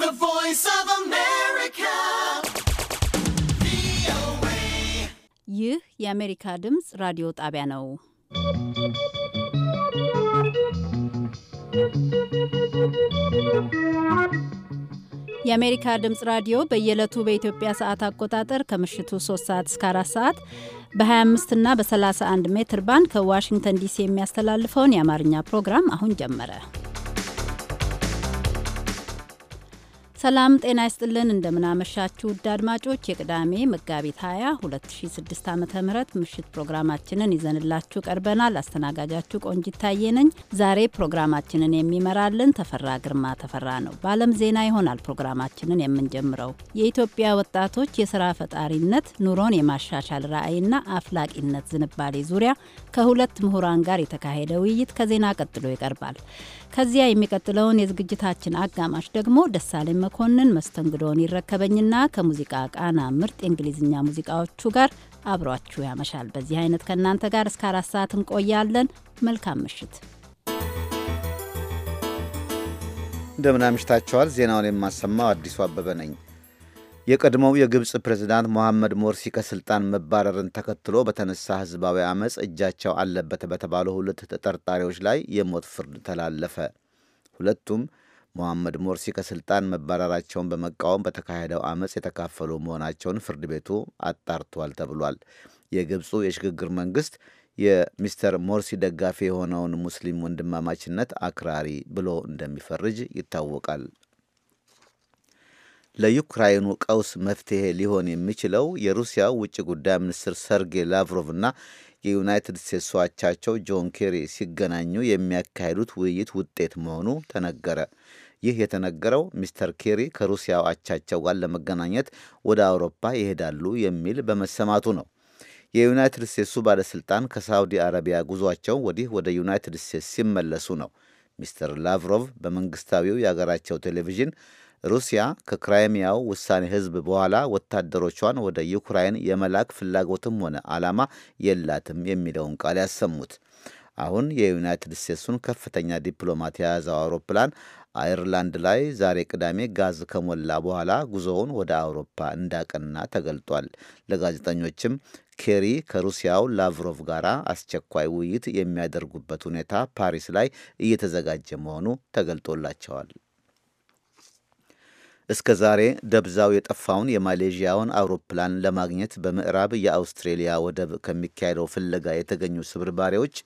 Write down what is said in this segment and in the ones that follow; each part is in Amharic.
The Voice of America. ይህ የአሜሪካ ድምፅ ራዲዮ ጣቢያ ነው። የአሜሪካ ድምፅ ራዲዮ በየዕለቱ በኢትዮጵያ ሰዓት አቆጣጠር ከምሽቱ 3 ሰዓት እስከ 4 ሰዓት በ25 እና በ31 ሜትር ባንድ ከዋሽንግተን ዲሲ የሚያስተላልፈውን የአማርኛ ፕሮግራም አሁን ጀመረ። ሰላም ጤና ይስጥልን። እንደምናመሻችሁ ውድ አድማጮች የቅዳሜ መጋቢት 20 2006 ዓ ም ምሽት ፕሮግራማችንን ይዘንላችሁ ቀርበናል። አስተናጋጃችሁ ቆንጂት ታዬ ነኝ። ዛሬ ፕሮግራማችንን የሚመራልን ተፈራ ግርማ ተፈራ ነው። በዓለም ዜና ይሆናል ፕሮግራማችንን የምንጀምረው። የኢትዮጵያ ወጣቶች የስራ ፈጣሪነት፣ ኑሮን የማሻሻል ራዕይና አፍላቂነት ዝንባሌ ዙሪያ ከሁለት ምሁራን ጋር የተካሄደ ውይይት ከዜና ቀጥሎ ይቀርባል። ከዚያ የሚቀጥለውን የዝግጅታችን አጋማሽ ደግሞ ደሳለኝ መኮንን መስተንግዶውን ይረከበኝና ከሙዚቃ ቃና ምርጥ የእንግሊዝኛ ሙዚቃዎቹ ጋር አብሯችሁ ያመሻል። በዚህ አይነት ከእናንተ ጋር እስከ አራት ሰዓት እንቆያለን። መልካም ምሽት። እንደምን አምሽታችኋል። ዜናውን የማሰማው አዲሱ አበበ ነኝ። የቀድሞው የግብፅ ፕሬዝዳንት ሞሐመድ ሞርሲ ከስልጣን መባረርን ተከትሎ በተነሳ ህዝባዊ አመፅ እጃቸው አለበት በተባሉ ሁለት ተጠርጣሪዎች ላይ የሞት ፍርድ ተላለፈ። ሁለቱም ሞሐመድ ሞርሲ ከስልጣን መባረራቸውን በመቃወም በተካሄደው አመፅ የተካፈሉ መሆናቸውን ፍርድ ቤቱ አጣርቷል ተብሏል። የግብፁ የሽግግር መንግስት የሚስተር ሞርሲ ደጋፊ የሆነውን ሙስሊም ወንድማማችነት አክራሪ ብሎ እንደሚፈርጅ ይታወቃል። ለዩክራይኑ ቀውስ መፍትሄ ሊሆን የሚችለው የሩሲያው ውጭ ጉዳይ ሚኒስትር ሰርጌይ ላቭሮቭና የዩናይትድ ስቴትስ አቻቸው ጆን ኬሪ ሲገናኙ የሚያካሂዱት ውይይት ውጤት መሆኑ ተነገረ። ይህ የተነገረው ሚስተር ኬሪ ከሩሲያው አቻቸው ጋር ለመገናኘት ወደ አውሮፓ ይሄዳሉ የሚል በመሰማቱ ነው። የዩናይትድ ስቴትሱ ባለሥልጣን ከሳውዲ አረቢያ ጉዟቸው ወዲህ ወደ ዩናይትድ ስቴትስ ሲመለሱ ነው ሚስተር ላቭሮቭ በመንግስታዊው የአገራቸው ቴሌቪዥን ሩሲያ ከክራይሚያው ውሳኔ ህዝብ በኋላ ወታደሮቿን ወደ ዩክራይን የመላክ ፍላጎትም ሆነ ዓላማ የላትም የሚለውን ቃል ያሰሙት አሁን የዩናይትድ ስቴትሱን ከፍተኛ ዲፕሎማት የያዘው አውሮፕላን አይርላንድ ላይ ዛሬ ቅዳሜ ጋዝ ከሞላ በኋላ ጉዞውን ወደ አውሮፓ እንዳቀና ተገልጧል። ለጋዜጠኞችም ኬሪ ከሩሲያው ላቭሮቭ ጋር አስቸኳይ ውይይት የሚያደርጉበት ሁኔታ ፓሪስ ላይ እየተዘጋጀ መሆኑ ተገልጦላቸዋል። እስከ ዛሬ ደብዛው የጠፋውን የማሌዥያውን አውሮፕላን ለማግኘት በምዕራብ የአውስትሬሊያ ወደብ ከሚካሄደው ፍለጋ የተገኙ ስብርባሪዎች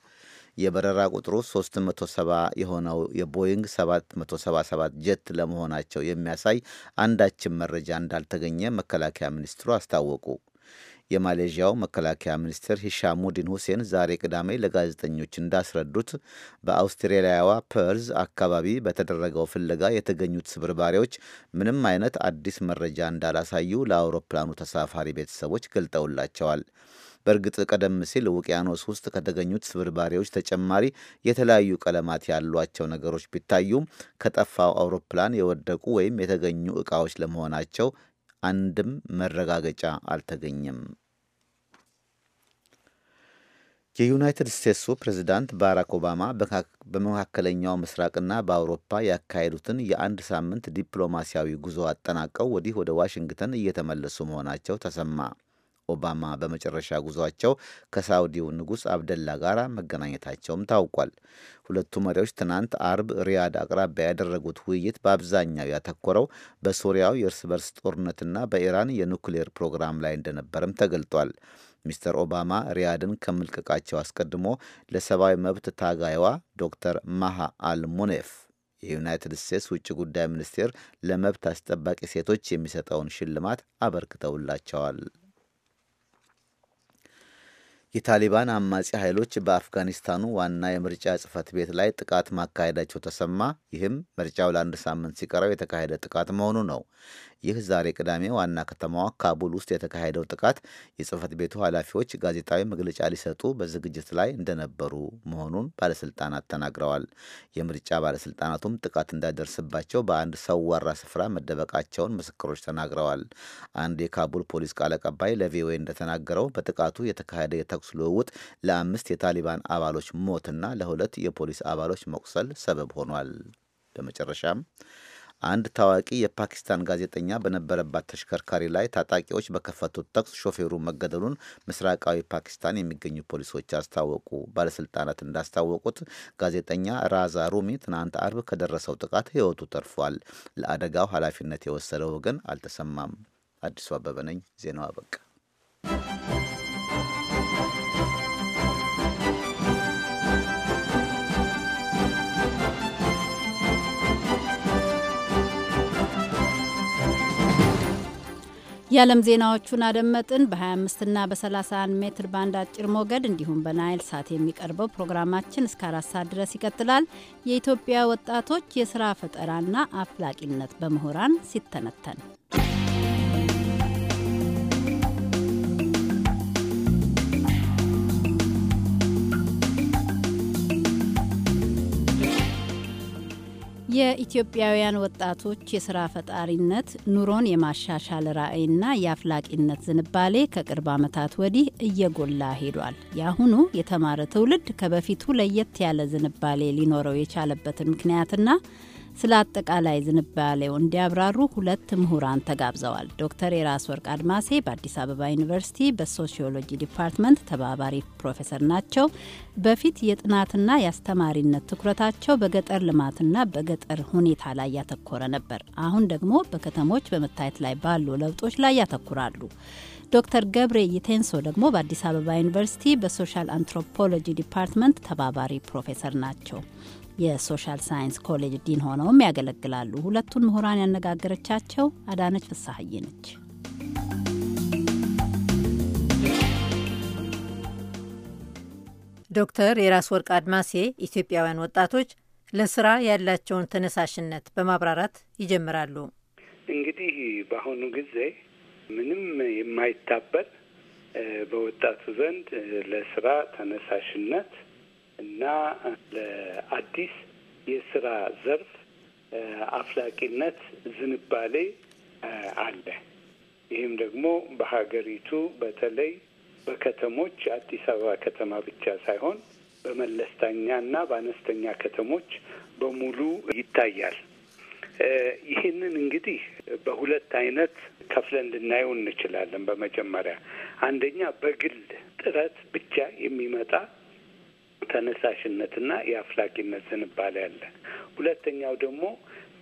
የበረራ ቁጥሩ 370 የሆነው የቦይንግ 777 ጀት ለመሆናቸው የሚያሳይ አንዳችም መረጃ እንዳልተገኘ መከላከያ ሚኒስትሩ አስታወቁ። የማሌዥያው መከላከያ ሚኒስትር ሂሻሙዲን ሁሴን ዛሬ ቅዳሜ ለጋዜጠኞች እንዳስረዱት በአውስትራሊያዋ ፐርዝ አካባቢ በተደረገው ፍለጋ የተገኙት ስብርባሪዎች ምንም አይነት አዲስ መረጃ እንዳላሳዩ ለአውሮፕላኑ ተሳፋሪ ቤተሰቦች ገልጠውላቸዋል። በእርግጥ ቀደም ሲል ውቅያኖስ ውስጥ ከተገኙት ስብርባሪዎች ተጨማሪ የተለያዩ ቀለማት ያሏቸው ነገሮች ቢታዩም ከጠፋው አውሮፕላን የወደቁ ወይም የተገኙ ዕቃዎች ለመሆናቸው አንድም መረጋገጫ አልተገኘም። የዩናይትድ ስቴትሱ ፕሬዚዳንት ባራክ ኦባማ በመካከለኛው ምስራቅና በአውሮፓ ያካሄዱትን የአንድ ሳምንት ዲፕሎማሲያዊ ጉዞ አጠናቀው ወዲህ ወደ ዋሽንግተን እየተመለሱ መሆናቸው ተሰማ። ኦባማ በመጨረሻ ጉዟቸው ከሳውዲው ንጉሥ አብደላ ጋር መገናኘታቸውም ታውቋል። ሁለቱ መሪዎች ትናንት አርብ ሪያድ አቅራቢያ ያደረጉት ውይይት በአብዛኛው ያተኮረው በሶሪያው የእርስ በርስ ጦርነትና በኢራን የኑክሌር ፕሮግራም ላይ እንደነበረም ተገልጧል። ሚስተር ኦባማ ሪያድን ከመልቀቃቸው አስቀድሞ ለሰብአዊ መብት ታጋይዋ ዶክተር ማሃ አልሙኔፍ የዩናይትድ ስቴትስ ውጭ ጉዳይ ሚኒስቴር ለመብት አስጠባቂ ሴቶች የሚሰጠውን ሽልማት አበርክተውላቸዋል። የታሊባን አማጺ ኃይሎች በአፍጋኒስታኑ ዋና የምርጫ ጽህፈት ቤት ላይ ጥቃት ማካሄዳቸው ተሰማ። ይህም ምርጫው ለአንድ ሳምንት ሲቀረው የተካሄደ ጥቃት መሆኑ ነው። ይህ ዛሬ ቅዳሜ ዋና ከተማዋ ካቡል ውስጥ የተካሄደው ጥቃት የጽህፈት ቤቱ ኃላፊዎች ጋዜጣዊ መግለጫ ሊሰጡ በዝግጅት ላይ እንደነበሩ መሆኑን ባለስልጣናት ተናግረዋል። የምርጫ ባለስልጣናቱም ጥቃት እንዳይደርስባቸው በአንድ ሰዋራ ስፍራ መደበቃቸውን ምስክሮች ተናግረዋል። አንድ የካቡል ፖሊስ ቃል አቀባይ ለቪኦኤ እንደተናገረው በጥቃቱ የተካሄደ የተኩስ ልውውጥ ለአምስት የታሊባን አባሎች ሞትና ለሁለት የፖሊስ አባሎች መቁሰል ሰበብ ሆኗል። በመጨረሻም አንድ ታዋቂ የፓኪስታን ጋዜጠኛ በነበረባት ተሽከርካሪ ላይ ታጣቂዎች በከፈቱት ተኩስ ሾፌሩ መገደሉን ምስራቃዊ ፓኪስታን የሚገኙ ፖሊሶች አስታወቁ። ባለስልጣናት እንዳስታወቁት ጋዜጠኛ ራዛ ሩሚ ትናንት አርብ ከደረሰው ጥቃት ሕይወቱ ተርፏል። ለአደጋው ኃላፊነት የወሰደ ወገን አልተሰማም። አዲሱ አበበ ነኝ። ዜናው አበቃ። የዓለም ዜናዎቹን አደመጥን። በ25ና በ31 ሜትር ባንድ አጭር ሞገድ እንዲሁም በናይል ሳት የሚቀርበው ፕሮግራማችን እስከ አራት ሰዓት ድረስ ይቀጥላል። የኢትዮጵያ ወጣቶች የስራ ፈጠራና አፍላቂነት በምሁራን ሲተነተን የኢትዮጵያውያን ወጣቶች የስራ ፈጣሪነት ኑሮን የማሻሻል ራዕይና የአፍላቂነት ዝንባሌ ከቅርብ ዓመታት ወዲህ እየጎላ ሄዷል። የአሁኑ የተማረ ትውልድ ከበፊቱ ለየት ያለ ዝንባሌ ሊኖረው የቻለበትን ምክንያትና ስለ አጠቃላይ ዝንባሌው እንዲያብራሩ ሁለት ምሁራን ተጋብዘዋል። ዶክተር የራስ ወርቅ አድማሴ በአዲስ አበባ ዩኒቨርሲቲ በሶሺዮሎጂ ዲፓርትመንት ተባባሪ ፕሮፌሰር ናቸው። በፊት የጥናትና የአስተማሪነት ትኩረታቸው በገጠር ልማትና በገጠር ሁኔታ ላይ ያተኮረ ነበር። አሁን ደግሞ በከተሞች በመታየት ላይ ባሉ ለውጦች ላይ ያተኩራሉ። ዶክተር ገብሬ ይቴንሶ ደግሞ በአዲስ አበባ ዩኒቨርሲቲ በሶሻል አንትሮፖሎጂ ዲፓርትመንት ተባባሪ ፕሮፌሰር ናቸው። የሶሻል ሳይንስ ኮሌጅ ዲን ሆነውም ያገለግላሉ። ሁለቱን ምሁራን ያነጋገረቻቸው አዳነች ፍሳሐዬ ነች። ዶክተር የራስ ወርቅ አድማሴ ኢትዮጵያውያን ወጣቶች ለስራ ያላቸውን ተነሳሽነት በማብራራት ይጀምራሉ። እንግዲህ በአሁኑ ጊዜ ምንም የማይታበል በወጣቱ ዘንድ ለስራ ተነሳሽነት እና ለአዲስ የስራ ዘርፍ አፍላቂነት ዝንባሌ አለ። ይህም ደግሞ በሀገሪቱ በተለይ በከተሞች አዲስ አበባ ከተማ ብቻ ሳይሆን በመለስተኛ እና በአነስተኛ ከተሞች በሙሉ ይታያል። ይህንን እንግዲህ በሁለት አይነት ከፍለን ልናየው እንችላለን። በመጀመሪያ አንደኛ በግል ጥረት ብቻ የሚመጣ ተነሳሽነትና የአፍላቂነት ዝንባሌ አለ። ሁለተኛው ደግሞ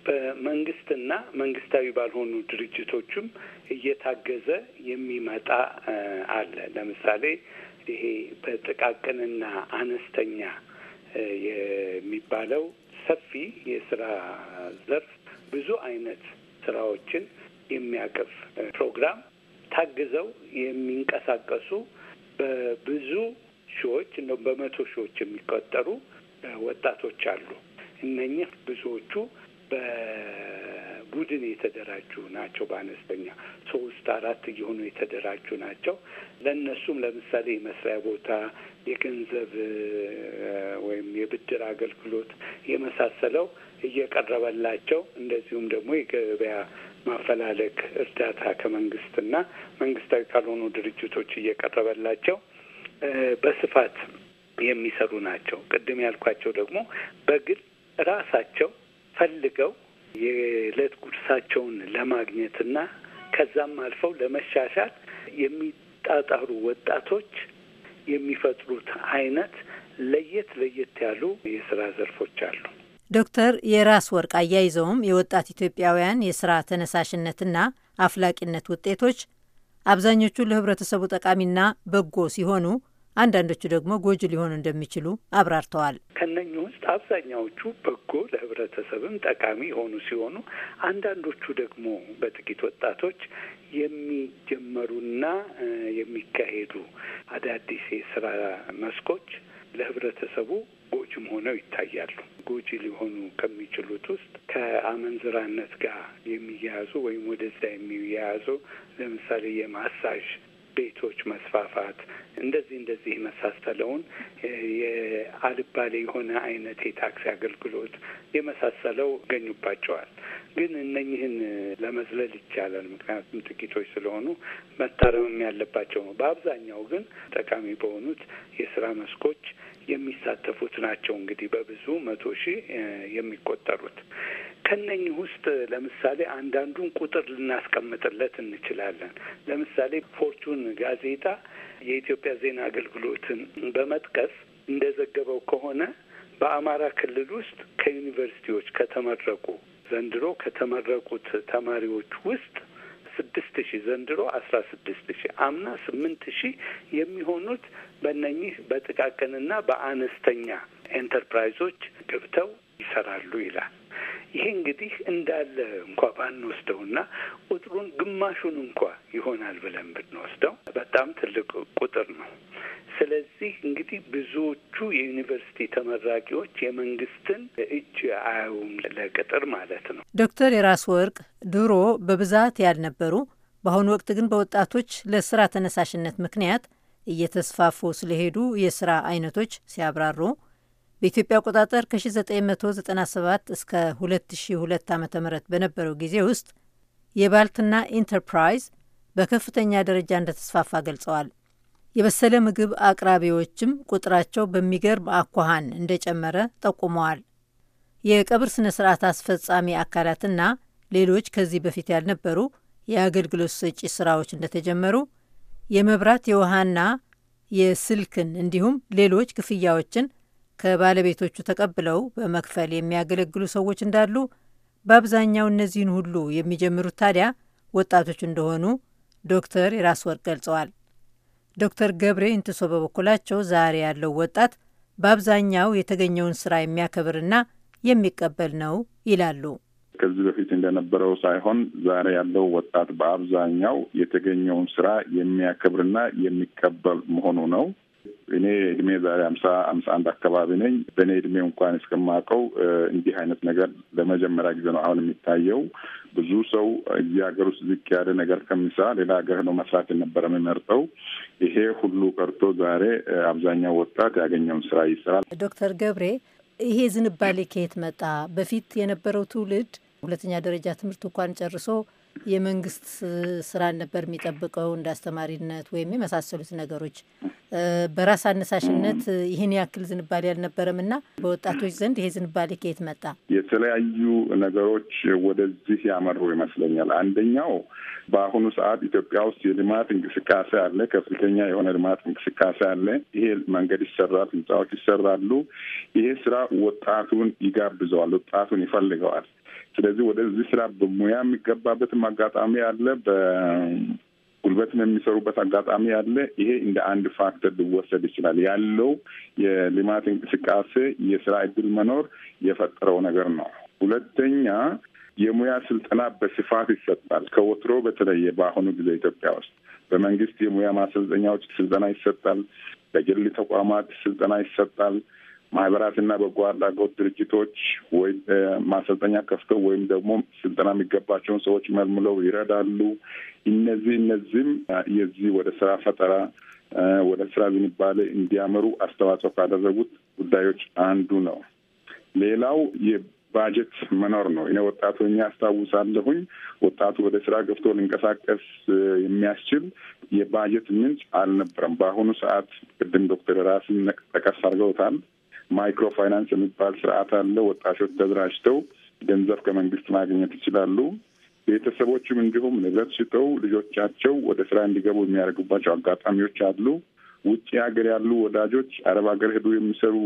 በመንግስትና መንግስታዊ ባልሆኑ ድርጅቶችም እየታገዘ የሚመጣ አለ። ለምሳሌ ይሄ በጥቃቅንና አነስተኛ የሚባለው ሰፊ የስራ ዘርፍ ብዙ አይነት ስራዎችን የሚያቅፍ ፕሮግራም ታግዘው የሚንቀሳቀሱ በብዙ ሺዎች እንደው በመቶ ሺዎች የሚቆጠሩ ወጣቶች አሉ። እነኚህ ብዙዎቹ በቡድን የተደራጁ ናቸው። በአነስተኛ ሶስት አራት እየሆኑ የተደራጁ ናቸው። ለእነሱም ለምሳሌ የመስሪያ ቦታ፣ የገንዘብ ወይም የብድር አገልግሎት የመሳሰለው እየቀረበላቸው እንደዚሁም ደግሞ የገበያ ማፈላለግ እርዳታ ከመንግስትና መንግስታዊ ካልሆኑ ድርጅቶች እየቀረበላቸው በስፋት የሚሰሩ ናቸው። ቅድም ያልኳቸው ደግሞ በግል ራሳቸው ፈልገው የዕለት ጉርሳቸውን ለማግኘትና ከዛም አልፈው ለመሻሻል የሚጣጣሩ ወጣቶች የሚፈጥሩት አይነት ለየት ለየት ያሉ የስራ ዘርፎች አሉ። ዶክተር የራስ ወርቅ አያይዘውም የወጣት ኢትዮጵያውያን የስራ ተነሳሽነትና አፍላቂነት ውጤቶች አብዛኞቹ ለህብረተሰቡ ጠቃሚና በጎ ሲሆኑ አንዳንዶቹ ደግሞ ጎጂ ሊሆኑ እንደሚችሉ አብራርተዋል። ከነኚህ ውስጥ አብዛኛዎቹ በጎ ለህብረተሰብም ጠቃሚ የሆኑ ሲሆኑ አንዳንዶቹ ደግሞ በጥቂት ወጣቶች የሚጀመሩና የሚካሄዱ አዳዲስ የስራ መስኮች ለህብረተሰቡ ጎጂም ሆነው ይታያሉ። ጎጂ ሊሆኑ ከሚችሉት ውስጥ ከአመንዝራነት ጋር የሚያያዙ ወይም ወደዛ የሚያያዙ ለምሳሌ የማሳጅ ቤቶች መስፋፋት እንደዚህ እንደዚህ የመሳሰለውን የአልባሌ የሆነ አይነት የታክሲ አገልግሎት የመሳሰለው ይገኙባቸዋል። ግን እነኝህን ለመዝለል ይቻላል፣ ምክንያቱም ጥቂቶች ስለሆኑ መታረምም ያለባቸው ነው። በአብዛኛው ግን ጠቃሚ በሆኑት የስራ መስኮች የሚሳተፉት ናቸው። እንግዲህ በብዙ መቶ ሺህ የሚቆጠሩት ከነኝህ ውስጥ ለምሳሌ አንዳንዱን ቁጥር ልናስቀምጥለት እንችላለን። ለምሳሌ ፎርቹን ጋዜጣ የኢትዮጵያ ዜና አገልግሎትን በመጥቀስ እንደዘገበው ከሆነ በአማራ ክልል ውስጥ ከዩኒቨርሲቲዎች ከተመረቁ ዘንድሮ ከተመረቁት ተማሪዎች ውስጥ ስድስት ሺህ ዘንድሮ አስራ ስድስት ሺህ አምና ስምንት ሺህ የሚሆኑት በእነኚህ በጥቃቅንና በአነስተኛ ኤንተርፕራይዞች ገብተው ይሰራሉ ይላል። ይሄ እንግዲህ እንዳለ እንኳ ባንወስደው ና ቁጥሩን ግማሹን እንኳ ይሆናል ብለን ብንወስደው በጣም ትልቅ ቁጥር ነው። ስለዚህ እንግዲህ ብዙዎቹ የዩኒቨርሲቲ ተመራቂዎች የመንግስትን እጅ አያውም ለቅጥር ማለት ነው። ዶክተር የራስ ወርቅ ድሮ በብዛት ያልነበሩ በአሁኑ ወቅት ግን በወጣቶች ለስራ ተነሳሽነት ምክንያት እየተስፋፉ ስለሄዱ የስራ አይነቶች ሲያብራሩ በኢትዮጵያ አቆጣጠር ከ1997 እስከ 2002 ዓ ም በነበረው ጊዜ ውስጥ የባልትና ኢንተርፕራይዝ በከፍተኛ ደረጃ እንደተስፋፋ ገልጸዋል። የበሰለ ምግብ አቅራቢዎችም ቁጥራቸው በሚገርም አኳኋን እንደጨመረ ጠቁመዋል። የቀብር ስነ ስርዓት አስፈጻሚ አካላትና ሌሎች ከዚህ በፊት ያልነበሩ የአገልግሎት ሰጪ ስራዎች እንደተጀመሩ፣ የመብራት የውሃና የስልክን እንዲሁም ሌሎች ክፍያዎችን ከባለቤቶቹ ተቀብለው በመክፈል የሚያገለግሉ ሰዎች እንዳሉ፣ በአብዛኛው እነዚህን ሁሉ የሚጀምሩት ታዲያ ወጣቶች እንደሆኑ ዶክተር የራስ ወርቅ ገልጸዋል። ዶክተር ገብሬ እንትሶ በበኩላቸው ዛሬ ያለው ወጣት በአብዛኛው የተገኘውን ስራ የሚያከብርና የሚቀበል ነው ይላሉ። ከዚህ በፊት እንደነበረው ሳይሆን ዛሬ ያለው ወጣት በአብዛኛው የተገኘውን ስራ የሚያከብርና የሚቀበል መሆኑ ነው። እኔ እድሜ ዛሬ አምሳ አምሳ አንድ አካባቢ ነኝ። በእኔ እድሜ እንኳን እስከማውቀው እንዲህ አይነት ነገር ለመጀመሪያ ጊዜ ነው አሁን የሚታየው። ብዙ ሰው እዚህ ሀገር ውስጥ ዝቅ ያለ ነገር ከሚሰራ ሌላ ሀገር ነው መስራት የነበረ የሚመርጠው። ይሄ ሁሉ ቀርቶ ዛሬ አብዛኛው ወጣት ያገኘውን ስራ ይሰራል። ዶክተር ገብሬ ይሄ ዝንባሌ ከየት መጣ? በፊት የነበረው ትውልድ ሁለተኛ ደረጃ ትምህርት እንኳን ጨርሶ የመንግስት ስራን ነበር የሚጠብቀው እንደ አስተማሪነት ወይም የመሳሰሉት ነገሮች። በራስ አነሳሽነት ይህን ያክል ዝንባሌ አልነበረም እና በወጣቶች ዘንድ ይሄ ዝንባሌ ከየት መጣ? የተለያዩ ነገሮች ወደዚህ ያመሩ ይመስለኛል። አንደኛው በአሁኑ ሰዓት ኢትዮጵያ ውስጥ የልማት እንቅስቃሴ አለ፣ ከፍተኛ የሆነ ልማት እንቅስቃሴ አለ። ይሄ መንገድ ይሰራል፣ ህንፃዎች ይሰራሉ። ይሄ ስራ ወጣቱን ይጋብዘዋል፣ ወጣቱን ይፈልገዋል። ስለዚህ ወደዚህ ስራ በሙያ የሚገባበትም አጋጣሚ አለ፣ በጉልበትም የሚሰሩበት አጋጣሚ አለ። ይሄ እንደ አንድ ፋክተር ሊወሰድ ይችላል። ያለው የልማት እንቅስቃሴ የስራ እድል መኖር የፈጠረው ነገር ነው። ሁለተኛ የሙያ ስልጠና በስፋት ይሰጣል። ከወትሮ በተለየ በአሁኑ ጊዜ ኢትዮጵያ ውስጥ በመንግስት የሙያ ማሰልጠኛዎች ስልጠና ይሰጣል። በግል ተቋማት ስልጠና ይሰጣል። ማህበራትና በጎ አድራጎት ድርጅቶች ወይ ማሰልጠኛ ከፍተው ወይም ደግሞ ስልጠና የሚገባቸውን ሰዎች መልምለው ይረዳሉ። እነዚህ እነዚህም የዚህ ወደ ስራ ፈጠራ ወደ ስራ ዝንባሌ እንዲያመሩ አስተዋጽኦ ካደረጉት ጉዳዮች አንዱ ነው። ሌላው የባጀት መኖር ነው። እኔ ወጣቱ የሚያስታውሳለሁኝ ወጣቱ ወደ ስራ ገብቶ ልንቀሳቀስ የሚያስችል የባጀት ምንጭ አልነበረም። በአሁኑ ሰዓት ቅድም ዶክተር ራስን ጠቀስ አድርገውታል። ማይክሮ ፋይናንስ የሚባል ስርዓት አለ። ወጣቶች ተደራጅተው ገንዘብ ከመንግስት ማግኘት ይችላሉ። ቤተሰቦችም እንዲሁም ንብረት ሽጠው ልጆቻቸው ወደ ስራ እንዲገቡ የሚያደርጉባቸው አጋጣሚዎች አሉ። ውጭ ሀገር ያሉ ወዳጆች አረብ ሀገር ሄዱ የሚሰሩ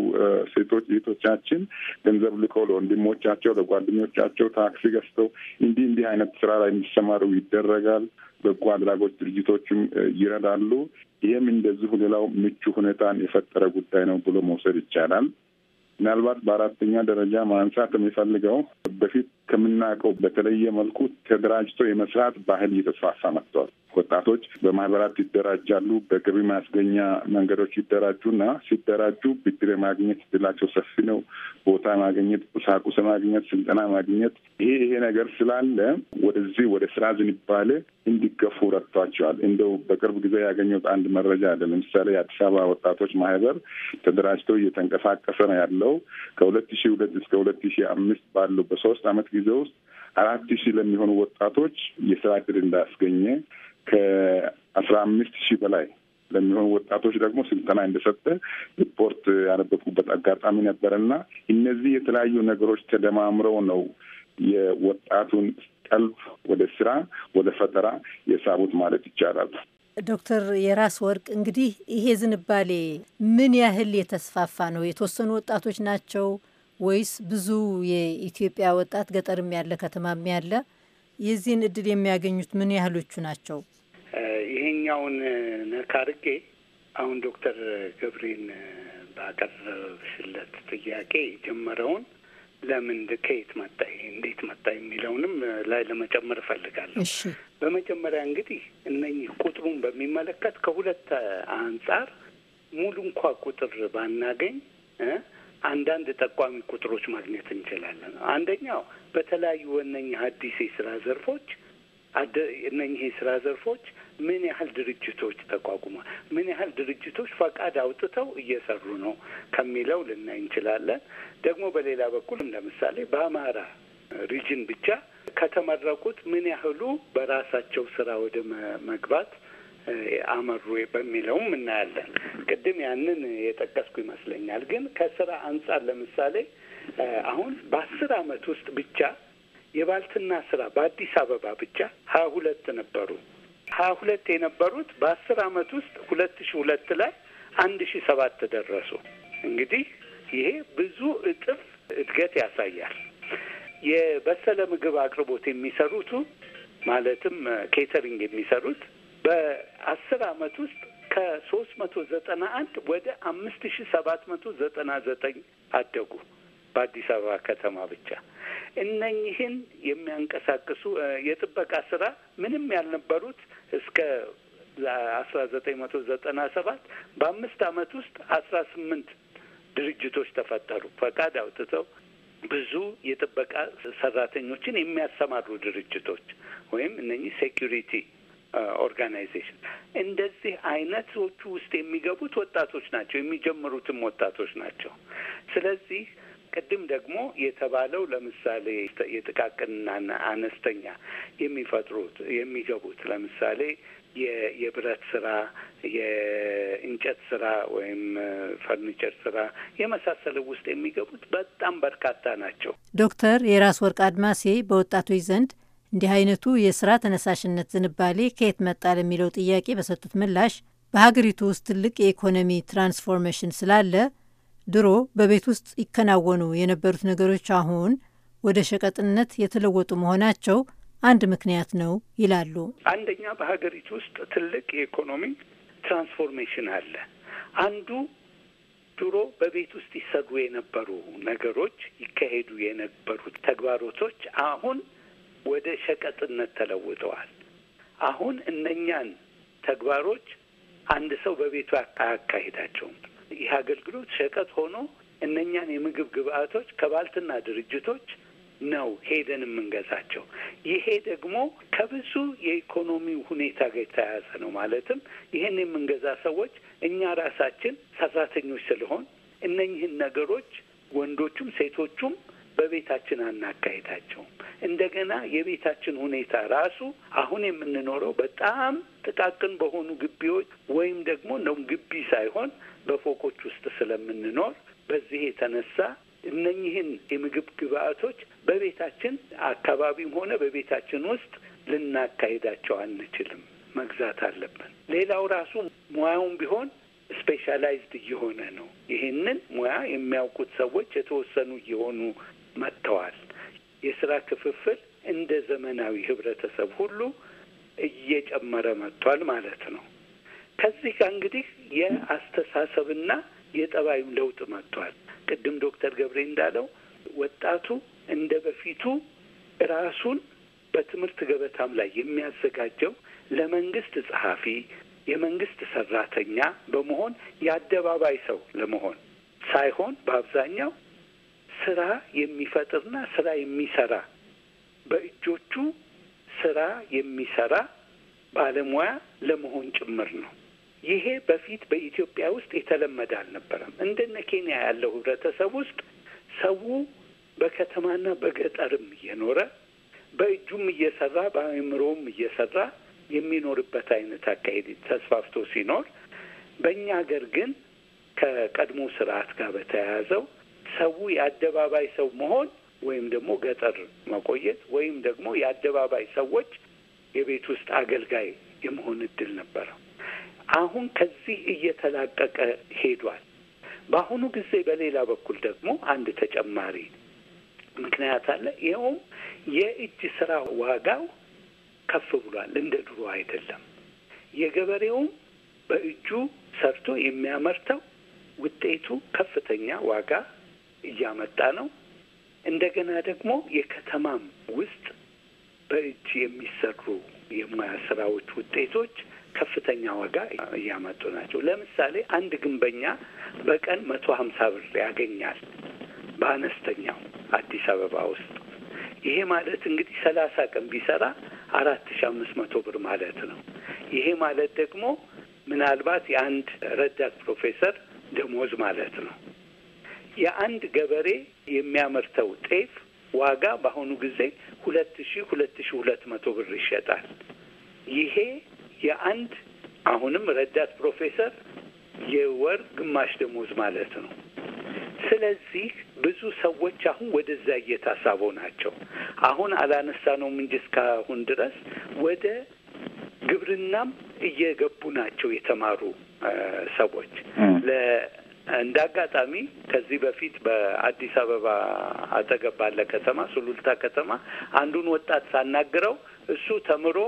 ሴቶች እህቶቻችን ገንዘብ ልከው ለወንድሞቻቸው፣ ለጓደኞቻቸው ታክሲ ገዝተው እንዲህ እንዲህ አይነት ስራ ላይ እንዲሰማሩ ይደረጋል። በጎ አድራጎት ድርጅቶችም ይረዳሉ። ይህም እንደዚሁ ሌላው ምቹ ሁኔታን የፈጠረ ጉዳይ ነው ብሎ መውሰድ ይቻላል። ምናልባት በአራተኛ ደረጃ ማንሳት የሚፈልገው በፊት ከምናውቀው በተለየ መልኩ ተደራጅቶ የመስራት ባህል እየተስፋፋ መጥቷል። ወጣቶች በማህበራት ይደራጃሉ፣ በገቢ ማስገኛ መንገዶች ይደራጁና ሲደራጁ ብድር የማግኘት እድላቸው ሰፊ ነው። ቦታ ማግኘት፣ ቁሳቁስ ማግኘት፣ ስልጠና ማግኘት ይሄ ይሄ ነገር ስላለ ወደዚህ ወደ ስራ ዝንባሌ እንዲገፉ ረድቷቸዋል። እንደው በቅርብ ጊዜ ያገኘሁት አንድ መረጃ አለ። ለምሳሌ የአዲስ አበባ ወጣቶች ማህበር ተደራጅቶ እየተንቀሳቀሰ ነው ያለው ከሁለት ሺ ሁለት እስከ ሁለት ሺ አምስት ባለው በሶስት አመት ጊዜ ውስጥ አራት ሺህ ለሚሆኑ ወጣቶች የስራ እድል እንዳስገኘ ከአስራ አምስት ሺህ በላይ ለሚሆኑ ወጣቶች ደግሞ ስልጠና እንደሰጠ ሪፖርት ያነበብኩበት አጋጣሚ ነበረና እነዚህ የተለያዩ ነገሮች ተደማምረው ነው የወጣቱን ቀልብ ወደ ስራ፣ ወደ ፈጠራ የሳቡት ማለት ይቻላል። ዶክተር የራስ ወርቅ እንግዲህ ይሄ ዝንባሌ ምን ያህል የተስፋፋ ነው? የተወሰኑ ወጣቶች ናቸው ወይስ ብዙ የኢትዮጵያ ወጣት ገጠርም ያለ ከተማም ያለ የዚህን እድል የሚያገኙት ምን ያህሎቹ ናቸው? ይሄኛውን ነካ አድርጌ አሁን ዶክተር ገብሬን ባቀረብሽለት ጥያቄ የጀመረውን ለምን ከየት መጣ እንዴት መጣ የሚለውንም ላይ ለመጨመር እፈልጋለሁ። በመጀመሪያ እንግዲህ እነኚህ ቁጥሩን በሚመለከት ከሁለት አንጻር ሙሉ እንኳ ቁጥር ባናገኝ አንዳንድ ጠቋሚ ቁጥሮች ማግኘት እንችላለን። አንደኛው በተለያዩ እነኚህ አዲስ የስራ ዘርፎች እነኚህ የስራ ዘርፎች ምን ያህል ድርጅቶች ተቋቁሟል፣ ምን ያህል ድርጅቶች ፈቃድ አውጥተው እየሰሩ ነው ከሚለው ልናይ እንችላለን። ደግሞ በሌላ በኩል ለምሳሌ በአማራ ሪጅን ብቻ ከተመረቁት ምን ያህሉ በራሳቸው ስራ ወደ መግባት አመሩ በሚለውም እናያለን። ቅድም ያንን የጠቀስኩ ይመስለኛል። ግን ከስራ አንጻር ለምሳሌ አሁን በአስር አመት ውስጥ ብቻ የባልትና ስራ በአዲስ አበባ ብቻ ሀያ ሁለት ነበሩ ሀያ ሁለት የነበሩት በአስር አመት ውስጥ ሁለት ሺ ሁለት ላይ አንድ ሺ ሰባት ደረሱ። እንግዲህ ይሄ ብዙ እጥፍ እድገት ያሳያል። የበሰለ ምግብ አቅርቦት የሚሰሩቱ ማለትም ኬተሪንግ የሚሰሩት በአስር አመት ውስጥ ከሶስት መቶ ዘጠና አንድ ወደ አምስት ሺ ሰባት መቶ ዘጠና ዘጠኝ አደጉ በአዲስ አበባ ከተማ ብቻ። እነኝህን የሚያንቀሳቅሱ የጥበቃ ስራ ምንም ያልነበሩት እስከ አስራ ዘጠኝ መቶ ዘጠና ሰባት በአምስት አመት ውስጥ አስራ ስምንት ድርጅቶች ተፈጠሩ። ፈቃድ አውጥተው ብዙ የጥበቃ ሰራተኞችን የሚያሰማሩ ድርጅቶች ወይም እነኚህ ሴኪሪቲ ኦርጋናይዜሽን እንደዚህ አይነቶቹ ውስጥ የሚገቡት ወጣቶች ናቸው። የሚጀምሩትም ወጣቶች ናቸው። ስለዚህ ቅድም ደግሞ የተባለው ለምሳሌ የጥቃቅንና አነስተኛ የሚፈጥሩት የሚገቡት ለምሳሌ የብረት ስራ፣ የእንጨት ስራ ወይም ፈርኒቸር ስራ የመሳሰሉ ውስጥ የሚገቡት በጣም በርካታ ናቸው። ዶክተር የራስ ወርቅ አድማሴ በወጣቶች ዘንድ እንዲህ አይነቱ የስራ ተነሳሽነት ዝንባሌ ከየት መጣ ለሚለው ጥያቄ በሰጡት ምላሽ በሀገሪቱ ውስጥ ትልቅ የኢኮኖሚ ትራንስፎርሜሽን ስላለ ድሮ በቤት ውስጥ ይከናወኑ የነበሩት ነገሮች አሁን ወደ ሸቀጥነት የተለወጡ መሆናቸው አንድ ምክንያት ነው ይላሉ። አንደኛ በሀገሪቱ ውስጥ ትልቅ የኢኮኖሚ ትራንስፎርሜሽን አለ። አንዱ ድሮ በቤት ውስጥ ይሰሩ የነበሩ ነገሮች፣ ይካሄዱ የነበሩት ተግባሮቶች አሁን ወደ ሸቀጥነት ተለውጠዋል። አሁን እነኛን ተግባሮች አንድ ሰው በቤቱ አያካሂዳቸውም። ይህ አገልግሎት ሸቀጥ ሆኖ እነኛን የምግብ ግብአቶች ከባልትና ድርጅቶች ነው ሄደን የምንገዛቸው። ይሄ ደግሞ ከብዙ የኢኮኖሚ ሁኔታ ጋር የተያያዘ ነው። ማለትም ይህን የምንገዛ ሰዎች እኛ ራሳችን ሰራተኞች ስለሆን እነኝህን ነገሮች ወንዶቹም ሴቶቹም በቤታችን አናካሄዳቸውም። እንደገና የቤታችን ሁኔታ ራሱ አሁን የምንኖረው በጣም ጥቃቅን በሆኑ ግቢዎች ወይም ደግሞ ነው ግቢ ሳይሆን በፎቆች ውስጥ ስለምንኖር በዚህ የተነሳ እነኚህን የምግብ ግብአቶች በቤታችን አካባቢም ሆነ በቤታችን ውስጥ ልናካሄዳቸው አንችልም። መግዛት አለብን። ሌላው ራሱ ሙያውም ቢሆን ስፔሻላይዝድ እየሆነ ነው። ይህንን ሙያ የሚያውቁት ሰዎች የተወሰኑ እየሆኑ መጥተዋል። የስራ ክፍፍል እንደ ዘመናዊ ህብረተሰብ ሁሉ እየጨመረ መጥቷል ማለት ነው። ከዚህ ጋር እንግዲህ የአስተሳሰብና የጠባዩ ለውጥ መጥቷል። ቅድም ዶክተር ገብሬ እንዳለው ወጣቱ እንደ በፊቱ ራሱን በትምህርት ገበታም ላይ የሚያዘጋጀው ለመንግስት ጸሐፊ፣ የመንግስት ሰራተኛ በመሆን የአደባባይ ሰው ለመሆን ሳይሆን በአብዛኛው ስራ የሚፈጥርና ስራ የሚሰራ በእጆቹ ስራ የሚሰራ ባለሙያ ለመሆን ጭምር ነው። ይሄ በፊት በኢትዮጵያ ውስጥ የተለመደ አልነበረም። እንደነ ኬንያ ያለው ህብረተሰብ ውስጥ ሰው በከተማና በገጠርም እየኖረ በእጁም እየሰራ በአእምሮውም እየሰራ የሚኖርበት አይነት አካሄድ ተስፋፍቶ ሲኖር በእኛ ሀገር ግን ከቀድሞ ስርዓት ጋር በተያያዘው ሰው የአደባባይ ሰው መሆን ወይም ደግሞ ገጠር መቆየት ወይም ደግሞ የአደባባይ ሰዎች የቤት ውስጥ አገልጋይ የመሆን እድል ነበረው። አሁን ከዚህ እየተላቀቀ ሄዷል። በአሁኑ ጊዜ በሌላ በኩል ደግሞ አንድ ተጨማሪ ምክንያት አለ። ይኸውም የእጅ ስራ ዋጋው ከፍ ብሏል። እንደ ድሮ አይደለም። የገበሬውም በእጁ ሰርቶ የሚያመርተው ውጤቱ ከፍተኛ ዋጋ እያመጣ ነው። እንደገና ደግሞ የከተማም ውስጥ በእጅ የሚሰሩ የሙያ ስራዎች ውጤቶች ከፍተኛ ዋጋ እያመጡ ናቸው። ለምሳሌ አንድ ግንበኛ በቀን መቶ ሀምሳ ብር ያገኛል በአነስተኛው አዲስ አበባ ውስጥ። ይሄ ማለት እንግዲህ ሰላሳ ቀን ቢሰራ አራት ሺ አምስት መቶ ብር ማለት ነው። ይሄ ማለት ደግሞ ምናልባት የአንድ ረዳት ፕሮፌሰር ደሞዝ ማለት ነው። የአንድ ገበሬ የሚያመርተው ጤፍ ዋጋ በአሁኑ ጊዜ ሁለት ሺ ሁለት ሺ ሁለት መቶ ብር ይሸጣል። ይሄ የአንድ አሁንም ረዳት ፕሮፌሰር የወር ግማሽ ደሞዝ ማለት ነው። ስለዚህ ብዙ ሰዎች አሁን ወደዛ እየታሳቡ ናቸው። አሁን አላነሳነውም እንጂ እስካሁን ድረስ ወደ ግብርናም እየገቡ ናቸው የተማሩ ሰዎች እንደ አጋጣሚ ከዚህ በፊት በአዲስ አበባ አጠገብ ባለ ከተማ ሱሉልታ ከተማ አንዱን ወጣት ሳናግረው እሱ ተምሮ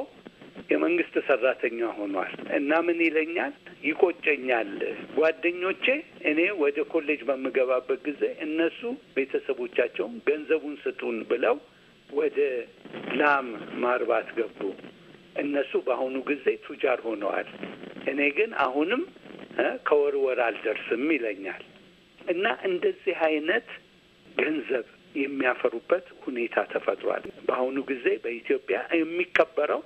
የመንግስት ሰራተኛ ሆኗል እና ምን ይለኛል? ይቆጨኛል። ጓደኞቼ እኔ ወደ ኮሌጅ በምገባበት ጊዜ እነሱ ቤተሰቦቻቸውን ገንዘቡን ስጡን ብለው ወደ ላም ማርባት ገቡ። እነሱ በአሁኑ ጊዜ ቱጃር ሆነዋል። እኔ ግን አሁንም ከወር ወር አልደርስም ይለኛል እና እንደዚህ አይነት ገንዘብ የሚያፈሩበት ሁኔታ ተፈጥሯል። በአሁኑ ጊዜ በኢትዮጵያ የሚከበረው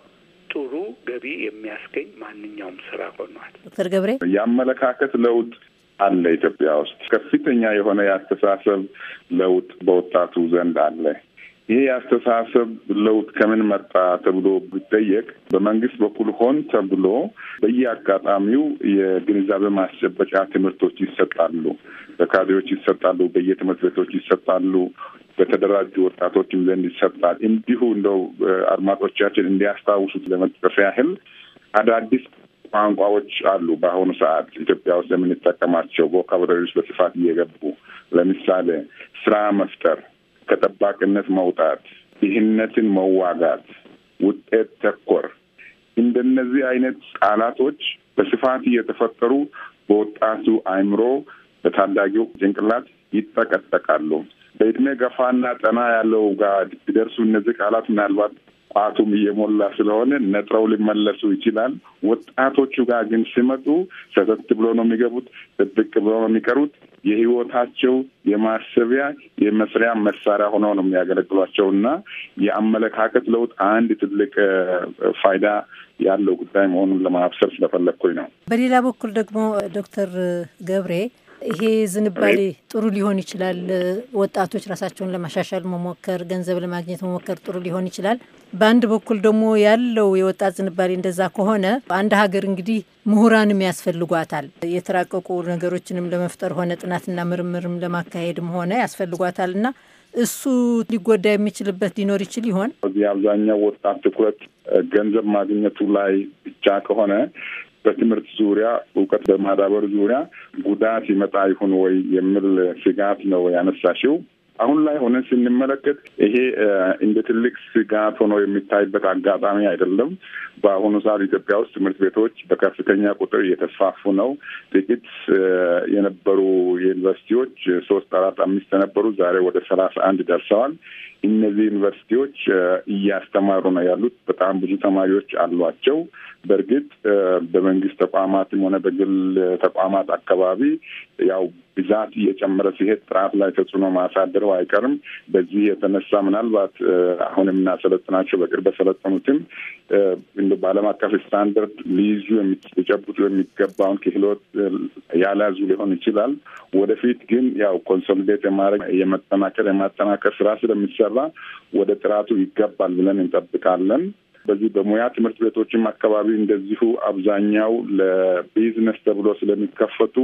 ጥሩ ገቢ የሚያስገኝ ማንኛውም ስራ ሆኗል። ዶክተር ገብሬ የአመለካከት ለውጥ አለ ኢትዮጵያ ውስጥ ከፍተኛ የሆነ የአስተሳሰብ ለውጥ በወጣቱ ዘንድ አለ። ይሄ የአስተሳሰብ ለውጥ ከምን መጣ ተብሎ ቢጠየቅ በመንግስት በኩል ሆን ተብሎ በየአጋጣሚው የግንዛቤ ማስጨበጫ ትምህርቶች ይሰጣሉ፣ በካድሬዎች ይሰጣሉ፣ በየትምህርት ቤቶች ይሰጣሉ። በተደራጁ ወጣቶችም ዘንድ ይሰጣል። እንዲሁ እንደው አድማጮቻችን እንዲያስታውሱት ለመጥቀስ ያህል አዳዲስ ቋንቋዎች አሉ። በአሁኑ ሰዓት ኢትዮጵያ ውስጥ የምንጠቀማቸው ቮካብራሪዎች በስፋት እየገቡ ለምሳሌ ስራ መፍጠር፣ ከጠባቂነት መውጣት፣ ድህነትን መዋጋት፣ ውጤት ተኮር እንደነዚህ አይነት ቃላቶች በስፋት እየተፈጠሩ በወጣቱ አይምሮ በታዳጊው ጭንቅላት ይጠቀጠቃሉ። በእድሜ ገፋና ጠና ያለው ጋር ሲደርሱ እነዚህ ቃላት ምናልባት ቋቱም እየሞላ ስለሆነ ነጥረው ሊመለሱ ይችላል። ወጣቶቹ ጋር ግን ሲመጡ ሰተት ብሎ ነው የሚገቡት፣ ጥብቅ ብሎ ነው የሚቀሩት። የህይወታቸው የማሰቢያ የመስሪያ መሳሪያ ሆኖ ነው የሚያገለግሏቸው እና የአመለካከት ለውጥ አንድ ትልቅ ፋይዳ ያለው ጉዳይ መሆኑን ለማብሰር ስለፈለግኩኝ ነው። በሌላ በኩል ደግሞ ዶክተር ገብሬ ይሄ ዝንባሌ ጥሩ ሊሆን ይችላል። ወጣቶች ራሳቸውን ለማሻሻል መሞከር፣ ገንዘብ ለማግኘት መሞከር ጥሩ ሊሆን ይችላል። በአንድ በኩል ደግሞ ያለው የወጣት ዝንባሌ እንደዛ ከሆነ አንድ ሀገር እንግዲህ ምሁራንም ያስፈልጓታል። የተራቀቁ ነገሮችንም ለመፍጠር ሆነ ጥናትና ምርምርም ለማካሄድም ሆነ ያስፈልጓታል እና እሱ ሊጎዳ የሚችልበት ሊኖር ይችል ይሆን? እዚህ አብዛኛው ወጣት ትኩረት ገንዘብ ማግኘቱ ላይ ብቻ ከሆነ በትምህርት ዙሪያ እውቀት በማዳበር ዙሪያ ጉዳት ይመጣ ይሁን ወይ የሚል ስጋት ነው ያነሳሽው። አሁን ላይ ሆነን ስንመለከት ይሄ እንደ ትልቅ ስጋት ሆኖ የሚታይበት አጋጣሚ አይደለም። በአሁኑ ሰዓት ኢትዮጵያ ውስጥ ትምህርት ቤቶች በከፍተኛ ቁጥር እየተስፋፉ ነው። ጥቂት የነበሩ ዩኒቨርሲቲዎች ሶስት፣ አራት፣ አምስት የነበሩ ዛሬ ወደ ሰላሳ አንድ ደርሰዋል። እነዚህ ዩኒቨርሲቲዎች እያስተማሩ ነው ያሉት። በጣም ብዙ ተማሪዎች አሏቸው። በእርግጥ በመንግስት ተቋማትም ሆነ በግል ተቋማት አካባቢ ያው ብዛት እየጨመረ ሲሄድ ጥራት ላይ ተጽዕኖ ማሳደረው አይቀርም። በዚህ የተነሳ ምናልባት አሁን የምናሰለጥናቸው በቅርብ በሰለጠኑትም እንደ በዓለም አቀፍ ስታንደርድ ሊይዙ ሊጨብጡ የሚገባውን ክህሎት ያልያዙ ሊሆን ይችላል። ወደፊት ግን ያው ኮንሶሊዴት የማድረግ የመጠናከር የማጠናከር ስራ ስለሚሰራ ከተሰራ ወደ ጥራቱ ይገባል ብለን እንጠብቃለን። በዚህ በሙያ ትምህርት ቤቶችም አካባቢ እንደዚሁ አብዛኛው ለቢዝነስ ተብሎ ስለሚከፈቱ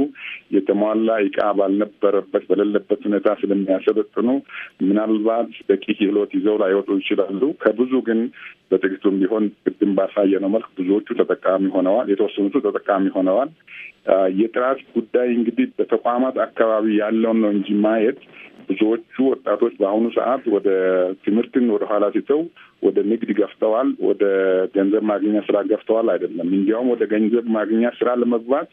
የተሟላ እቃ ባልነበረበት በሌለበት ሁኔታ ስለሚያሰለጥኑ ምናልባት በቂ ክህሎት ይዘው ላይወጡ ይችላሉ። ከብዙ ግን በጥቂቱም ቢሆን ቅድም ባሳየነው መልክ ብዙዎቹ ተጠቃሚ ሆነዋል። የተወሰኑቱ ተጠቃሚ ሆነዋል። የጥራት ጉዳይ እንግዲህ በተቋማት አካባቢ ያለውን ነው እንጂ ማየት ብዙዎቹ ወጣቶች በአሁኑ ሰዓት ወደ ትምህርትን ወደ ኋላ ሲተው ወደ ንግድ ገፍተዋል፣ ወደ ገንዘብ ማግኛ ስራ ገፍተዋል አይደለም። እንዲያውም ወደ ገንዘብ ማግኛ ስራ ለመግባት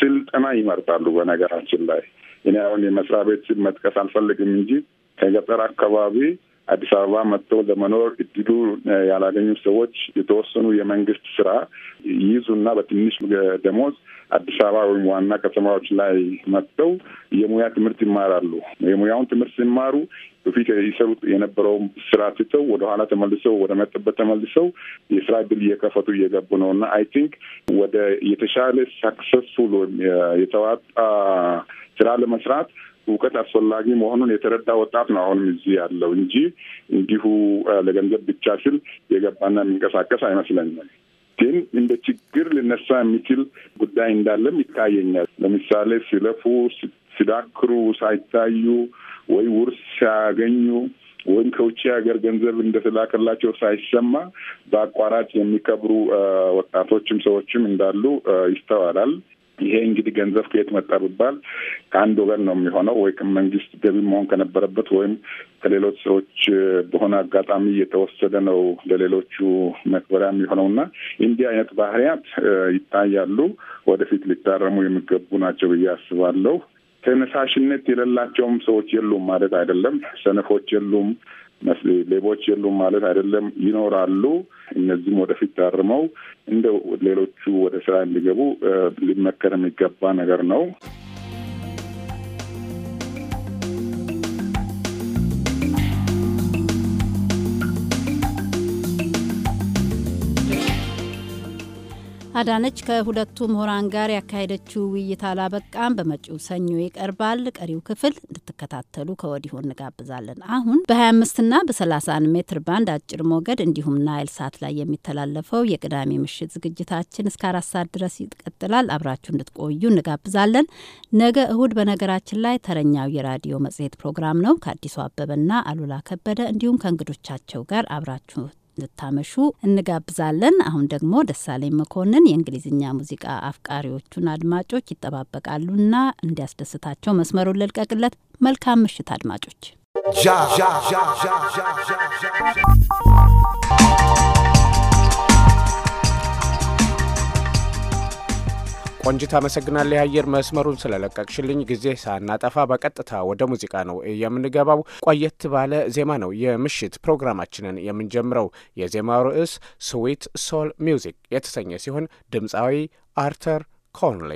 ስልጠና ይመርጣሉ። በነገራችን ላይ እኔ አሁን የመስሪያ ቤት መጥቀስ አልፈልግም እንጂ ከገጠር አካባቢ አዲስ አበባ መጥተው ለመኖር እድሉ ያላገኙ ሰዎች የተወሰኑ የመንግስት ስራ ይይዙና በትንሽ ደሞዝ አዲስ አበባ ወይም ዋና ከተማዎች ላይ መጥተው የሙያ ትምህርት ይማራሉ። የሙያውን ትምህርት ሲማሩ በፊት ይሰሩት የነበረውን ስራ ትተው ወደኋላ ተመልሰው ወደ መጠበት ተመልሰው የስራ እድል እየከፈቱ እየገቡ ነው እና አይ ቲንክ ወደ የተሻለ ሳክሰስፉል የተዋጣ ስራ ለመስራት እውቀት አስፈላጊ መሆኑን የተረዳ ወጣት ነው አሁንም እዚህ ያለው እንጂ እንዲሁ ለገንዘብ ብቻ ሲል የገባና የሚንቀሳቀስ አይመስለኝም። ግን እንደ ችግር ሊነሳ የሚችል ጉዳይ እንዳለም ይታየኛል። ለምሳሌ ሲለፉ፣ ሲዳክሩ ሳይታዩ ወይ ውርስ ሳያገኙ ወይም ከውጭ ሀገር ገንዘብ እንደተላከላቸው ሳይሰማ በአቋራጭ የሚከብሩ ወጣቶችም ሰዎችም እንዳሉ ይስተዋላል። ይሄ እንግዲህ ገንዘብ ከየት መጣ ቢባል ከአንድ ወገን ነው የሚሆነው ወይ ከመንግስት ገቢ መሆን ከነበረበት ወይም ከሌሎች ሰዎች በሆነ አጋጣሚ እየተወሰደ ነው ለሌሎቹ መክበሪያ የሚሆነው እና እንዲህ አይነት ባህሪያት ይታያሉ። ወደፊት ሊታረሙ የሚገቡ ናቸው ብዬ አስባለሁ። ተነሳሽነት የሌላቸውም ሰዎች የሉም ማለት አይደለም። ሰነፎች የሉም። ሌቦች የሉም ማለት አይደለም፣ ይኖራሉ። እነዚህም ወደፊት ታርመው እንደ ሌሎቹ ወደ ስራ እንዲገቡ ሊመከር የሚገባ ነገር ነው። አዳነች ከሁለቱ ምሁራን ጋር ያካሄደችው ውይይት አላበቃም። በመጪው ሰኞ ይቀርባል። ቀሪው ክፍል እንድትከታተሉ ከወዲሁ እንጋብዛለን። አሁን በ25ና በ31 ሜትር ባንድ አጭር ሞገድ እንዲሁም ናይል ሳት ላይ የሚተላለፈው የቅዳሜ ምሽት ዝግጅታችን እስከ አራት ሰዓት ድረስ ይቀጥላል። አብራችሁ እንድትቆዩ እንጋብዛለን። ነገ እሁድ፣ በነገራችን ላይ ተረኛው የራዲዮ መጽሔት ፕሮግራም ነው ከአዲሱ አበበና አሉላ ከበደ እንዲሁም ከእንግዶቻቸው ጋር አብራችሁ ልታመሹ እንጋብዛለን። አሁን ደግሞ ደሳለኝ መኮንን የእንግሊዝኛ ሙዚቃ አፍቃሪዎቹን አድማጮች ይጠባበቃሉና እንዲያስደስታቸው መስመሩን ልልቀቅለት። መልካም ምሽት አድማጮች። ቆንጅት፣ አመሰግናለሁ የአየር መስመሩን ስለለቀቅሽልኝ። ጊዜ ሳናጠፋ በቀጥታ ወደ ሙዚቃ ነው የምንገባው። ቆየት ባለ ዜማ ነው የምሽት ፕሮግራማችንን የምንጀምረው። የዜማው ርዕስ ስዊት ሶል ሚውዚክ የተሰኘ ሲሆን ድምፃዊ አርተር ኮንሊ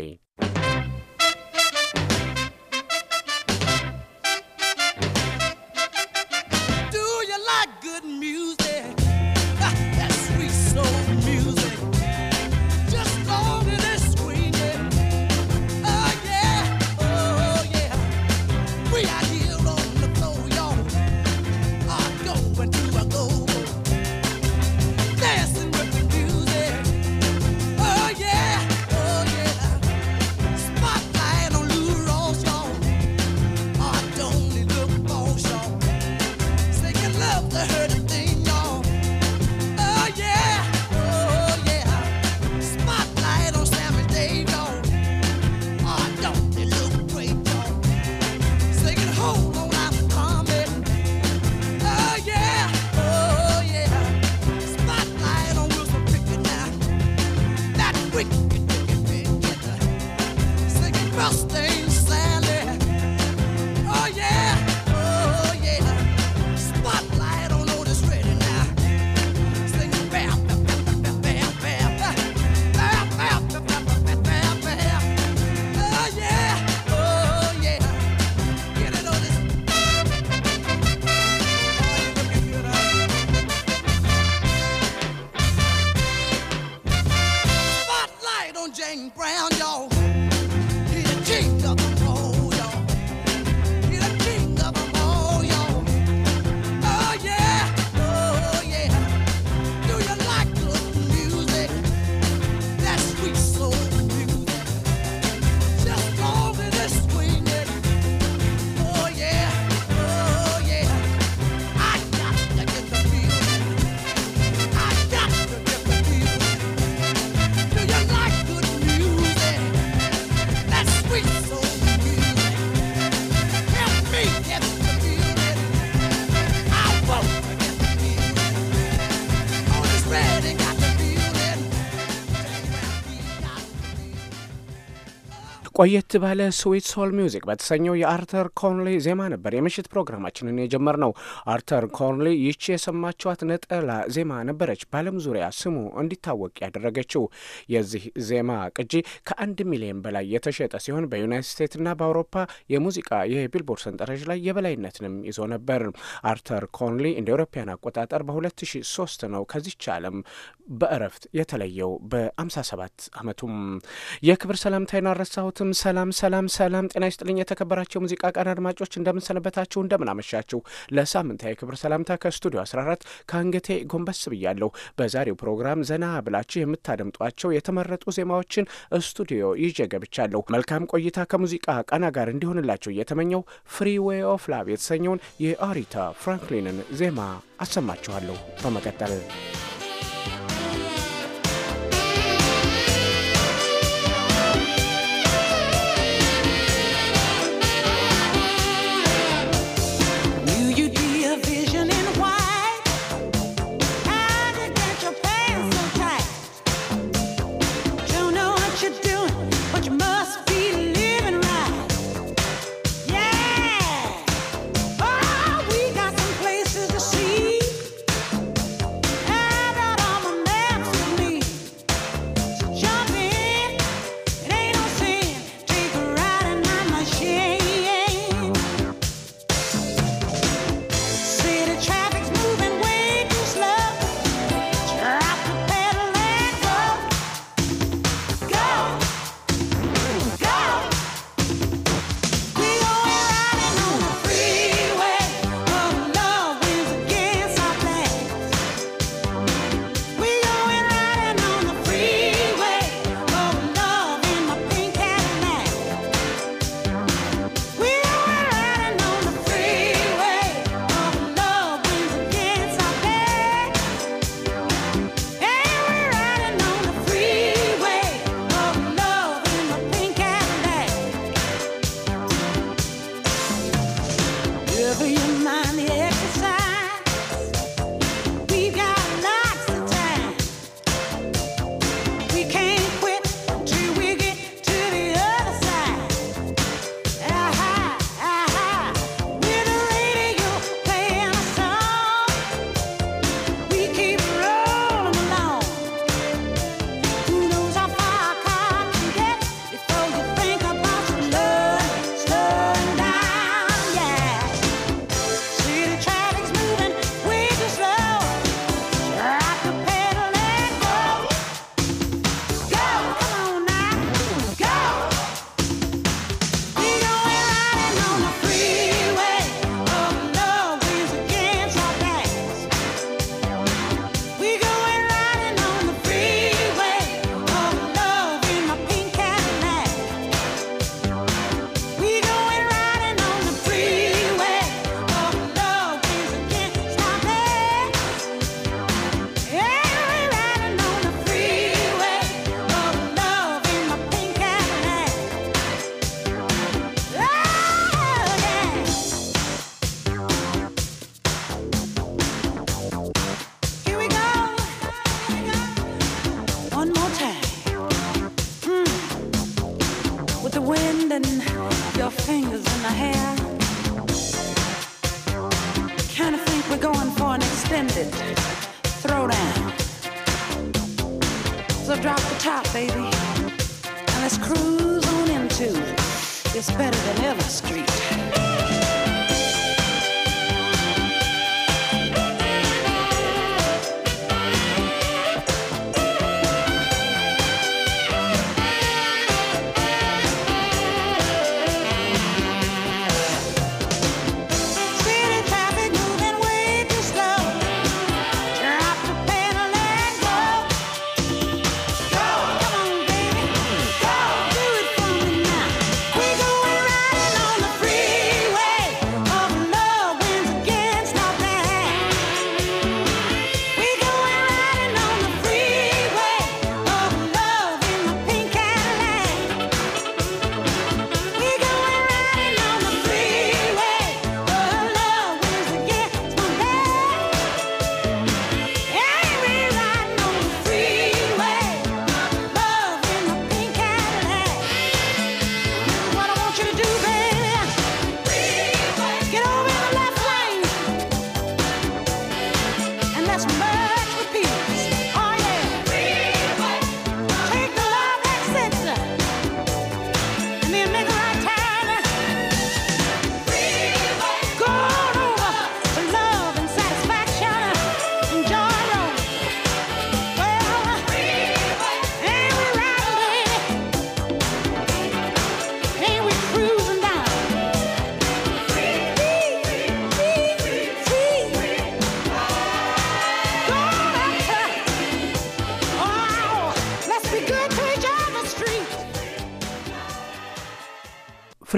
ቆየት ባለ ስዊት ሶል ሚውዚክ በተሰኘው የአርተር ኮንሊ ዜማ ነበር የምሽት ፕሮግራማችንን የጀመርነው። አርተር ኮንሊ ይቺ የሰማችኋት ነጠላ ዜማ ነበረች በዓለም ዙሪያ ስሙ እንዲታወቅ ያደረገችው። የዚህ ዜማ ቅጂ ከአንድ ሚሊዮን በላይ የተሸጠ ሲሆን በዩናይትድ ስቴትስና በአውሮፓ የሙዚቃ የቢልቦርድ ሰንጠረዥ ላይ የበላይነትንም ይዞ ነበር። አርተር ኮንሊ እንደ አውሮፓውያን አቆጣጠር በ2003 ነው ከዚች ዓለም በእረፍት የተለየው በ57 ዓመቱም። የክብር ሰላምታይን አልረሳሁትም። ሰላም ሰላም ሰላም ሰላም፣ ጤና ይስጥልኝ የተከበራቸው የሙዚቃ ቃና አድማጮች፣ እንደምንሰነበታችሁ፣ እንደምናመሻችሁ። ለሳምንታዊ ክብር ሰላምታ ከስቱዲዮ 14 ከአንገቴ ጎንበስ ብያለሁ። በዛሬው ፕሮግራም ዘና ብላችሁ የምታደምጧቸው የተመረጡ ዜማዎችን ስቱዲዮ ይዤ ገብቻለሁ። መልካም ቆይታ ከሙዚቃ ቃና ጋር እንዲሆንላቸው እየተመኘው ፍሪ ዌይ ኦፍ ላቭ የተሰኘውን የአሪታ ፍራንክሊንን ዜማ አሰማችኋለሁ በመቀጠል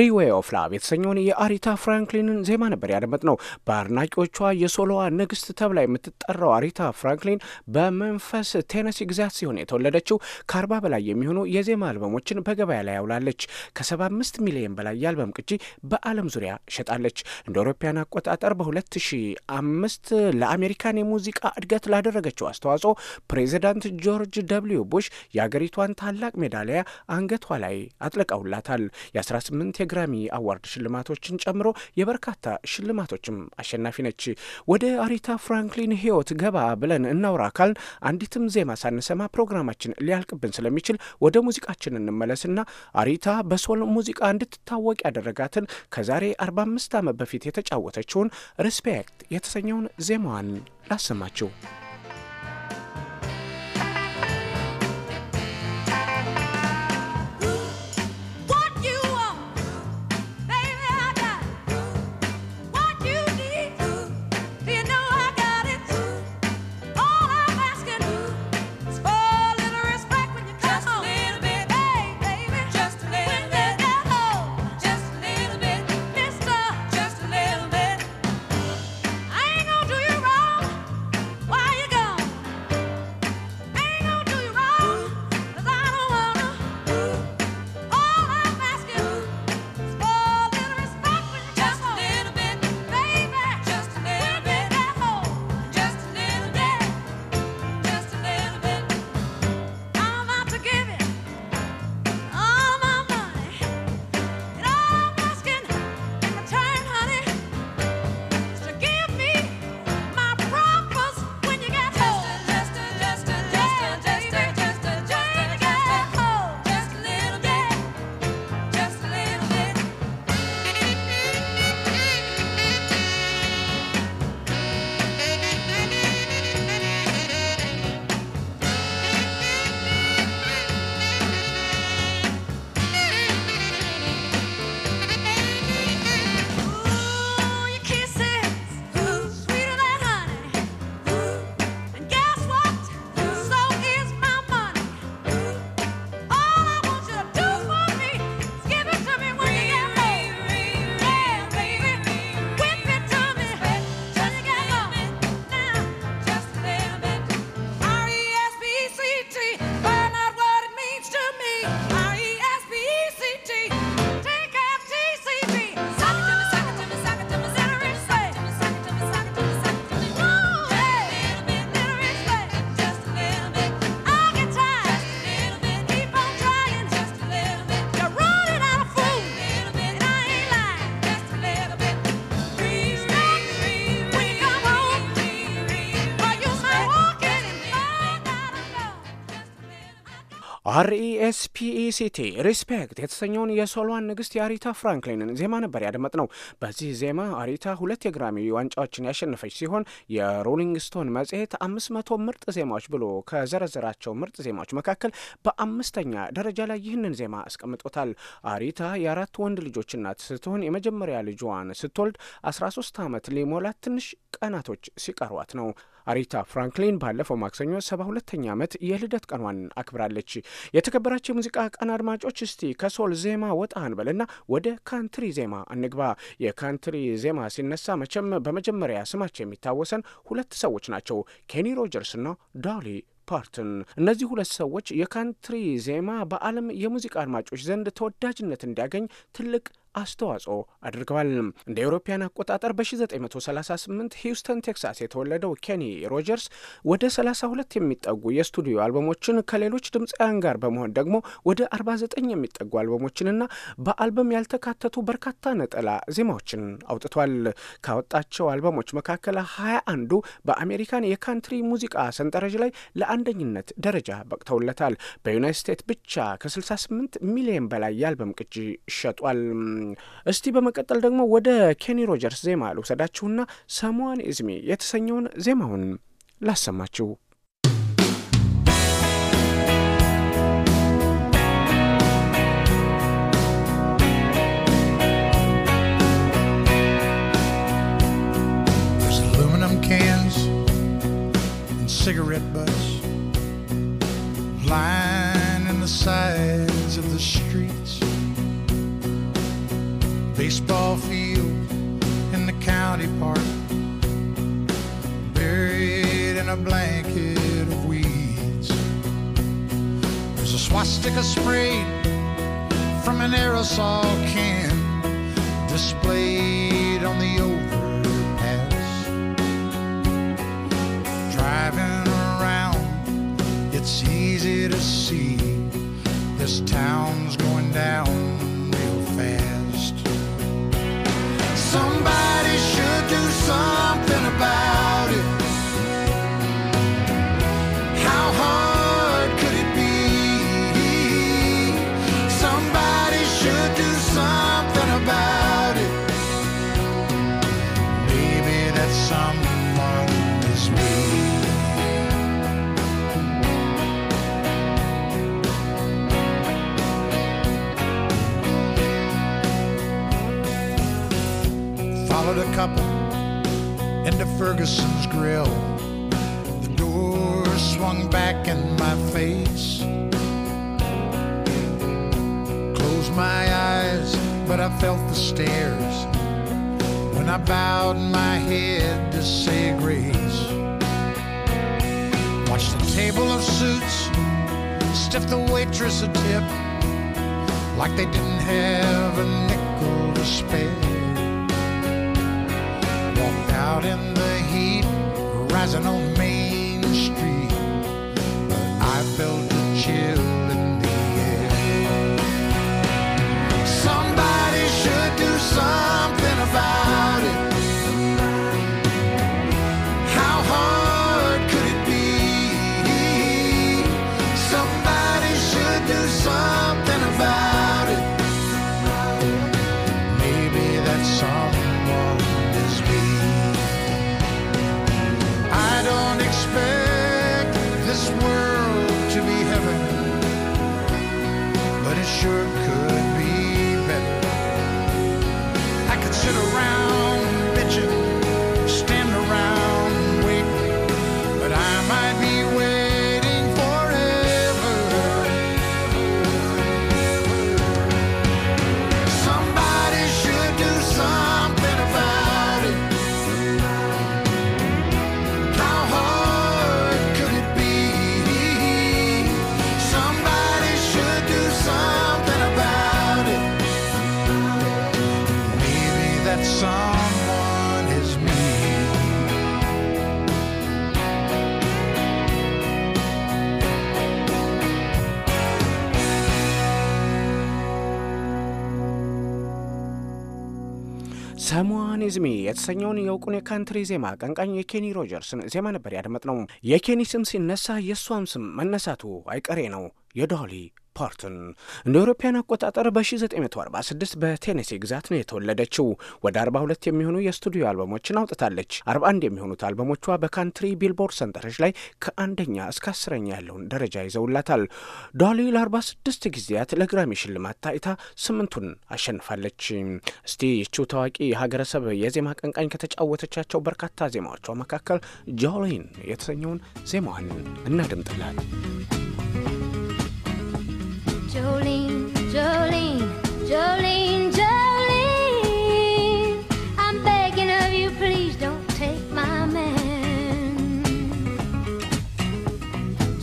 ፍሪዌይ ኦፍ ላቭ የተሰኘውን የአሪታ ፍራንክሊንን ዜማ ነበር ነው። በአድናቂዎቿ የሶሎዋ ንግስት ተብላ የምትጠራው አሪታ ፍራንክሊን በመንፈስ ቴነሲ ግዛት ሲሆን የተወለደችው ከአርባ በላይ የሚሆኑ የዜማ አልበሞችን በገበያ ላይ ያውላለች። ከ75 ሚሊዮን በላይ የአልበም ቅጂ በዓለም ዙሪያ ሸጣለች። እንደ አውሮፓውያን አቆጣጠር በ 205 ለአሜሪካን የሙዚቃ እድገት ላደረገችው አስተዋጽኦ ፕሬዚዳንት ጆርጅ ደብሊው ቡሽ የአገሪቷን ታላቅ ሜዳሊያ አንገቷ ላይ አጥለቀውላታል። የ18 የግራሚ አዋርድ ሽልማቶችን ጨምሮ የበርካታ ሽልማቶችም አሸናፊ ነች። ወደ አሪታ ፍራንክሊን ህይወት ገባ ብለን እናውራ አካል አንዲትም ዜማ ሳንሰማ ፕሮግራማችን ሊያልቅብን ስለሚችል ወደ ሙዚቃችን እንመለስና አሪታ በሶል ሙዚቃ እንድትታወቅ ያደረጋትን ከዛሬ 45 ዓመት በፊት የተጫወተችውን ሪስፔክት የተሰኘውን ዜማዋን ላሰማችሁ። አርኢኤስፒኢሲቲ ሪስፔክት e e የተሰኘውን የሶልዋን ንግስት የአሪታ ፍራንክሊንን ዜማ ነበር ያደመጥ ነው። በዚህ ዜማ አሪታ ሁለት የግራሚ ዋንጫዎችን ያሸነፈች ሲሆን የሮሊንግ ስቶን መጽሔት አምስት መቶ ምርጥ ዜማዎች ብሎ ከዘረዘራቸው ምርጥ ዜማዎች መካከል በአምስተኛ ደረጃ ላይ ይህንን ዜማ አስቀምጦታል። አሪታ የአራት ወንድ ልጆች እናት ስትሆን የመጀመሪያ ልጇን ስትወልድ ሶስት ዓመት ሊሞላት ትንሽ ቀናቶች ሲቀሯት ነው። አሪታ ፍራንክሊን ባለፈው ማክሰኞ ሰባ ሁለተኛ ዓመት የልደት ቀኗን አክብራለች። የተከበራቸው የሙዚቃ ቀን አድማጮች፣ እስቲ ከሶል ዜማ ወጣ እንበልና ወደ ካንትሪ ዜማ እንግባ። የካንትሪ ዜማ ሲነሳ መቼም በመጀመሪያ ስማቸው የሚታወሰን ሁለት ሰዎች ናቸው፣ ኬኒ ሮጀርስ እና ዳሊ ፓርትን እነዚህ ሁለት ሰዎች የካንትሪ ዜማ በዓለም የሙዚቃ አድማጮች ዘንድ ተወዳጅነት እንዲያገኝ ትልቅ አስተዋጽኦ አድርገዋል። እንደ አውሮፓውያን አቆጣጠር በ1938 ሂውስተን ቴክሳስ የተወለደው ኬኒ ሮጀርስ ወደ 32 የሚጠጉ የስቱዲዮ አልበሞችን ከሌሎች ድምፃውያን ጋር በመሆን ደግሞ ወደ 49 የሚጠጉ አልበሞችንና በአልበም ያልተካተቱ በርካታ ነጠላ ዜማዎችን አውጥቷል። ካወጣቸው አልበሞች መካከል 21 አንዱ በአሜሪካን የካንትሪ ሙዚቃ ሰንጠረዥ ላይ ለአንደኝነት ደረጃ በቅተውለታል። በዩናይት ስቴትስ ብቻ ከ68 ሚሊዮን በላይ የአልበም ቅጂ ሸጧል። እስቲ በመቀጠል ደግሞ ወደ ኬኒ ሮጀርስ ዜማ ልውሰዳችሁና ሰሞን ኢዝሚ የተሰኘውን ዜማውን ላሰማችሁ። Cans cigarette butts baseball field in the county park, buried in a blanket of weeds. There's a swastika sprayed from an aerosol can displayed on the overpass. Driving around, it's easy to see this town's going down real fast. Somebody should do something. Ferguson's grill. The door swung back in my face. Closed my eyes, but I felt the stares. When I bowed my head to say grace. Watched the table of suits, stiff the waitress a tip, like they didn't have a nickel to spare. Walked out in the heat, rising on me. ዊዝሚ የተሰኘውን የእውቁን የካንትሪ ዜማ አቀንቃኝ የኬኒ ሮጀርስን ዜማ ነበር ያደመጥ ነው። የኬኒ ስም ሲነሳ የእሷም ስም መነሳቱ አይቀሬ ነው። የዶሊ ፓርትን እንደ አውሮፓውያን አቆጣጠር በ1946 በቴኔሴ ግዛት ነው የተወለደችው። ወደ 42 የሚሆኑ የስቱዲዮ አልበሞችን አውጥታለች። 41 የሚሆኑት አልበሞቿ በካንትሪ ቢልቦርድ ሰንጠረዥ ላይ ከአንደኛ እስከ አስረኛ ያለውን ደረጃ ይዘውላታል። ዶሊ ለ46 ጊዜያት ለግራሚ ሽልማት ታይታ ስምንቱን አሸንፋለች። እስቲ ይቺው ታዋቂ የሀገረሰብ የዜማ አቀንቃኝ ከተጫወተቻቸው በርካታ ዜማዎቿ መካከል ጆሊን የተሰኘውን ዜማዋን እናድምጥላት። Jolene, Jolene, Jolene, Jolene. I'm begging of you, please don't take my man.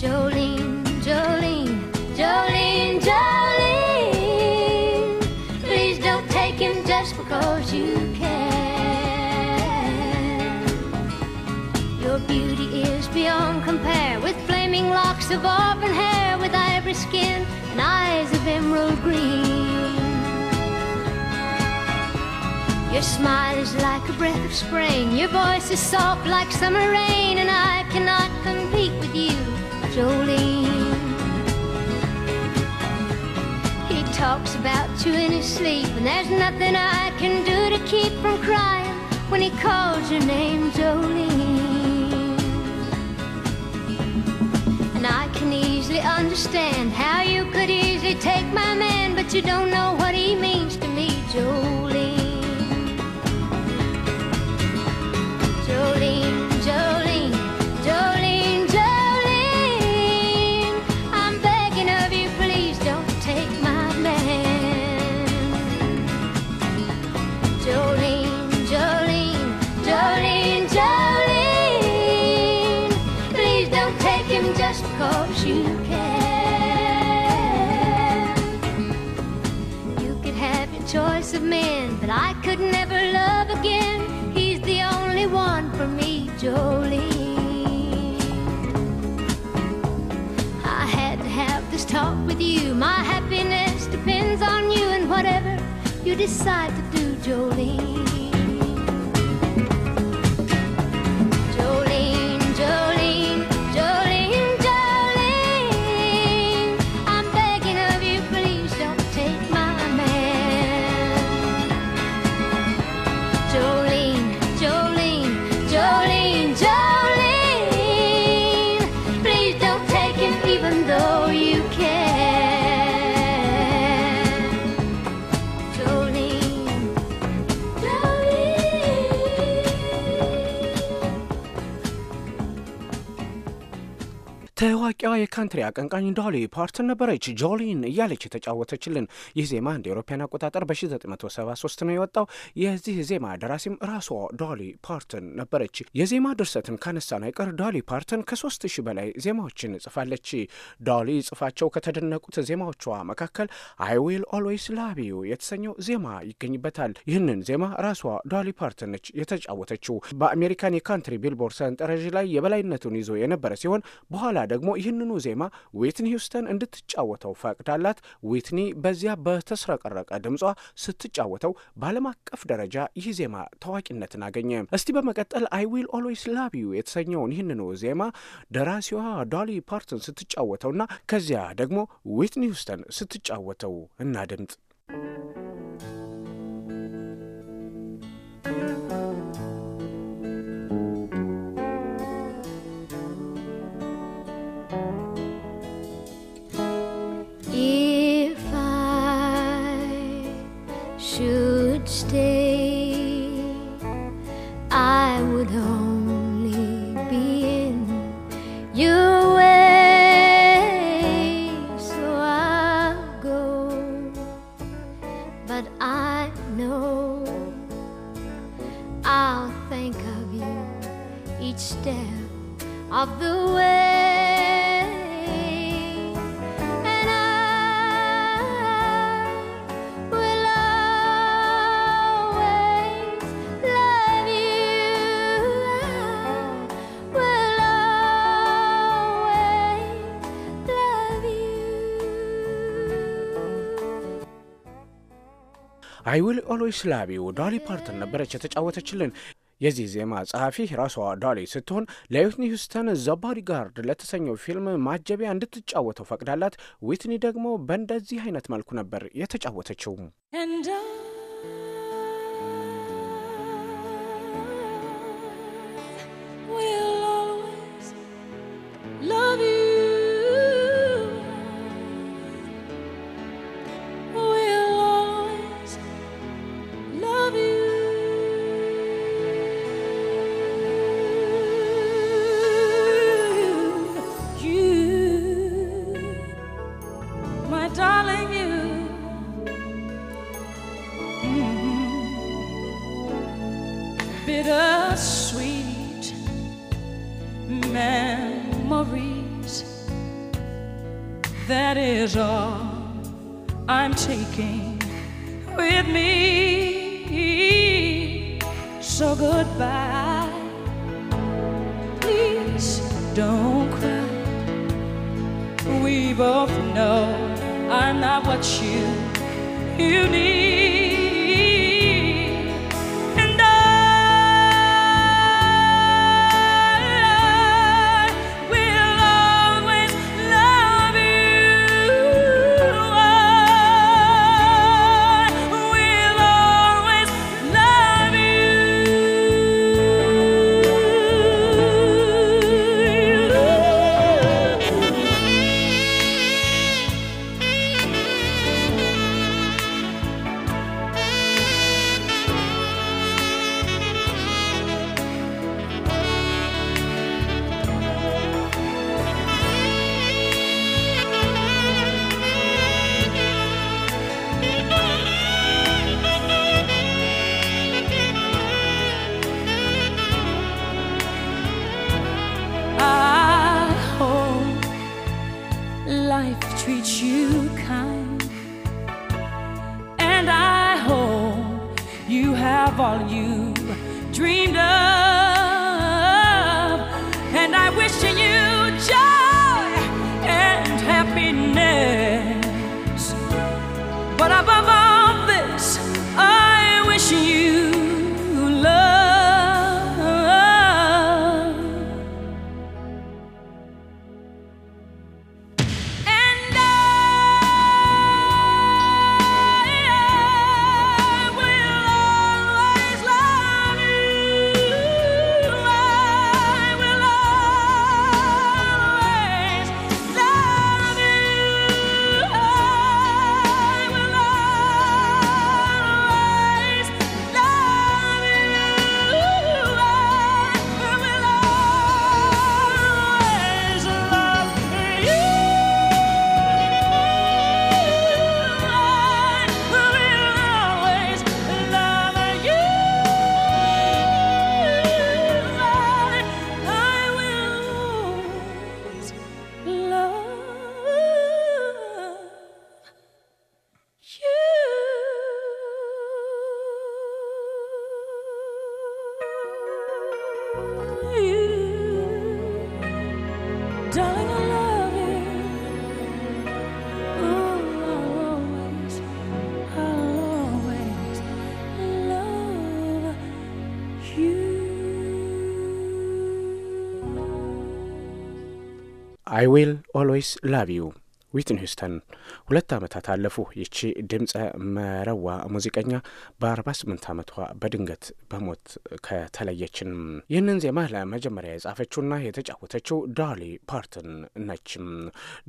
Jolene, Jolene, Jolene, Jolene. Please don't take him just because you can. Your beauty is beyond compare with flaming locks of auburn hair with ivory skin and eyes of emerald green. Your smile is like a breath of spring, your voice is soft like summer rain, and I cannot compete with you, Jolene. He talks about you in his sleep, and there's nothing I can do to keep from crying when he calls your name, Jolene. easily understand how you could easily take my man, but you don't know what he means to me, Joe. with you. My happiness depends on you and whatever you decide to do, Jolene. 手を ታዋቂዋ የካንትሪ አቀንቃኝ ዶሊ ፓርትን ነበረች ጆሊን እያለች የተጫወተችልን። ይህ ዜማ እንደ ኤሮፓያን አቆጣጠር በ1973 ነው የወጣው። የዚህ ዜማ ደራሲም ራሷ ዶሊ ፓርትን ነበረች። የዜማ ድርሰትን ካነሳን አይቀር ዶሊ ፓርትን ከ3000 በላይ ዜማዎችን ጽፋለች። ዶሊ ጽፋቸው ከተደነቁት ዜማዎቿ መካከል አይ ዊል ኦልዌይስ ላቭ ዩ የተሰኘው ዜማ ይገኝበታል። ይህንን ዜማ ራሷ ዶሊ ፓርትን ነች የተጫወተችው። በአሜሪካን የካንትሪ ቢልቦርድ ሰንጠረዥ ላይ የበላይነቱን ይዞ የነበረ ሲሆን በኋላ ደግሞ ይህንኑ ዜማ ዊትኒ ሂውስተን እንድትጫወተው ፈቅዳላት። ዊትኒ በዚያ በተስረቀረቀ ድምጿ ስትጫወተው በዓለም አቀፍ ደረጃ ይህ ዜማ ታዋቂነትን አገኘ። እስቲ በመቀጠል አይ ዊል ኦልዌይስ ላቭ ዩ የተሰኘውን ይህንኑ ዜማ ደራሲዋ ዶሊ ፓርትን ስትጫወተውና ከዚያ ደግሞ ዊትኒ ሂውስተን ስትጫወተው እናድምጥ። each day I would only be in your way. So I'll go, but I know I'll think of you each step of the way. አይ ዊል ኦልዌይስ ላቭ ዩ ዶሊ ፓርተን ነበረች የተጫወተችልን። የዚህ ዜማ ጸሐፊ ራሷ ዶሊ ስትሆን ለዊትኒ ሁስተን ዘ ጋርድ ለተሰኘው ፊልም ማጀቢያ እንድትጫወተው ፈቅዳላት። ዊትኒ ደግሞ በእንደዚህ አይነት መልኩ ነበር የተጫወተችው። Love I will always love you. ዊትን ሂውስተን። ሁለት ዓመታት አለፉ። ይቺ ድምፀ መረዋ ሙዚቀኛ በ48 ዓመቷ በድንገት በሞት ከተለየችን። ይህንን ዜማ ለመጀመሪያ የጻፈችውና የተጫወተችው ዳሊ ፓርትን ነች።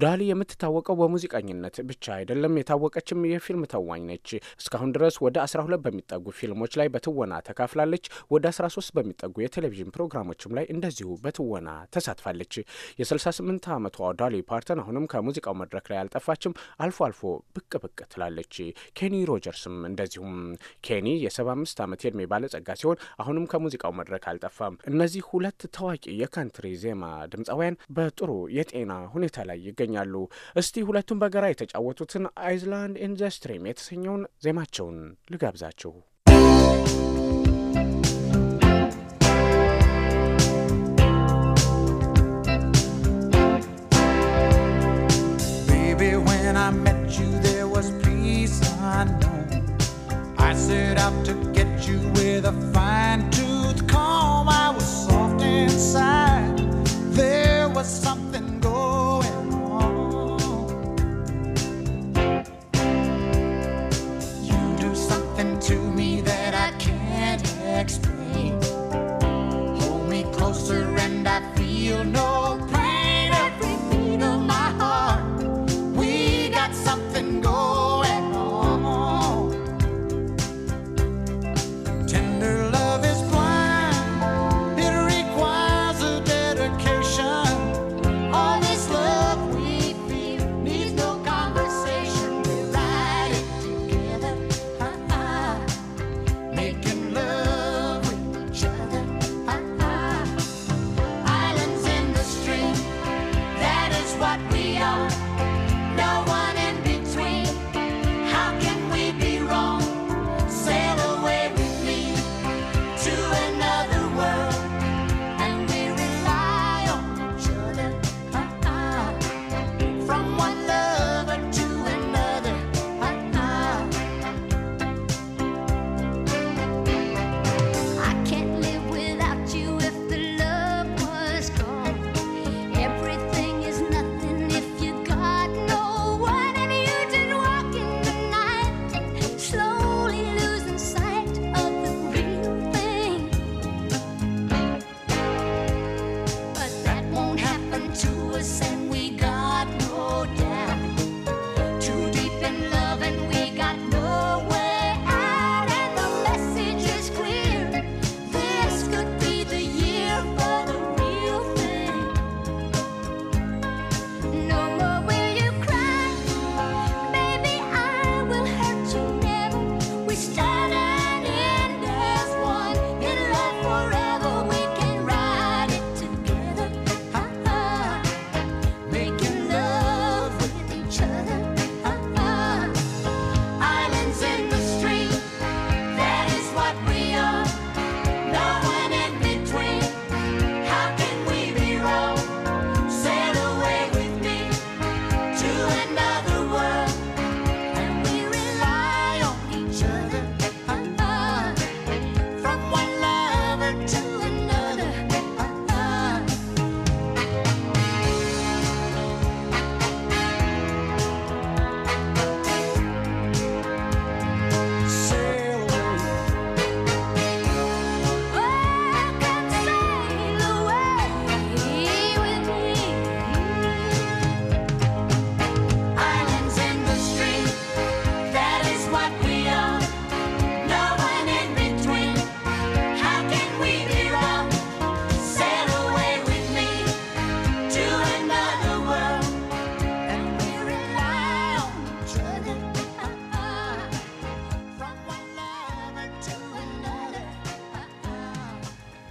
ዳሊ የምትታወቀው በሙዚቀኝነት ብቻ አይደለም። የታወቀችም የፊልም ተዋኝ ነች። እስካሁን ድረስ ወደ 12 በሚጠጉ ፊልሞች ላይ በትወና ተካፍላለች። ወደ 13 በሚጠጉ የቴሌቪዥን ፕሮግራሞችም ላይ እንደዚሁ በትወና ተሳትፋለች። የ68 ዓመቷ ዳሊ ፓርትን አሁንም ከሙዚቃው መድረክ ላይ አልጠፋችም። አልፎ አልፎ ብቅ ብቅ ትላለች። ኬኒ ሮጀርስም እንደዚሁም። ኬኒ የሰባ አምስት ዓመት የእድሜ ባለጸጋ ሲሆን አሁንም ከሙዚቃው መድረክ አልጠፋም። እነዚህ ሁለት ታዋቂ የካንትሪ ዜማ ድምፃውያን በጥሩ የጤና ሁኔታ ላይ ይገኛሉ። እስቲ ሁለቱም በጋራ የተጫወቱትን አይዝላንድ ኢንዘስትሪም የተሰኘውን ዜማቸውን ልጋብዛችሁ። set out to get you with a fine tooth comb. I was soft inside, there was something going on. You do something to me that I can't explain.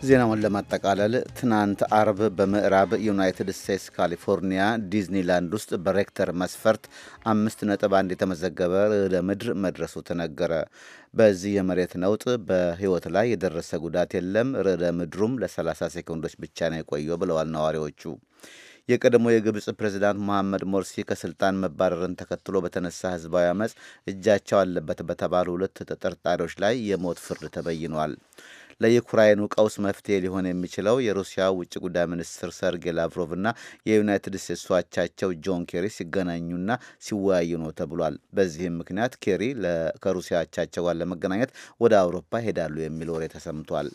ዜናውን ለማጠቃለል ትናንት አርብ በምዕራብ ዩናይትድ ስቴትስ ካሊፎርኒያ ዲዝኒላንድ ውስጥ በሬክተር መስፈርት አምስት ነጥብ አንድ የተመዘገበ ርዕደ ምድር መድረሱ ተነገረ። በዚህ የመሬት ነውጥ በሕይወት ላይ የደረሰ ጉዳት የለም። ርዕደ ምድሩም ለ30 ሴኮንዶች ብቻ ነው የቆየው ብለዋል ነዋሪዎቹ። የቀድሞ የግብፅ ፕሬዚዳንት መሐመድ ሞርሲ ከስልጣን መባረርን ተከትሎ በተነሳ ህዝባዊ አመፅ እጃቸው አለበት በተባሉ ሁለት ተጠርጣሪዎች ላይ የሞት ፍርድ ተበይኗል። ለዩክራይኑ ቀውስ መፍትሄ ሊሆን የሚችለው የሩሲያ ውጭ ጉዳይ ሚኒስትር ሰርጌ ላቭሮቭና የዩናይትድ ስቴትስ አቻቸው ጆን ኬሪ ሲገናኙና ሲወያዩ ነው ተብሏል። በዚህም ምክንያት ኬሪ ከሩሲያ አቻቸው ጋር ለመገናኘት ወደ አውሮፓ ሄዳሉ የሚል ወሬ ተሰምቷል።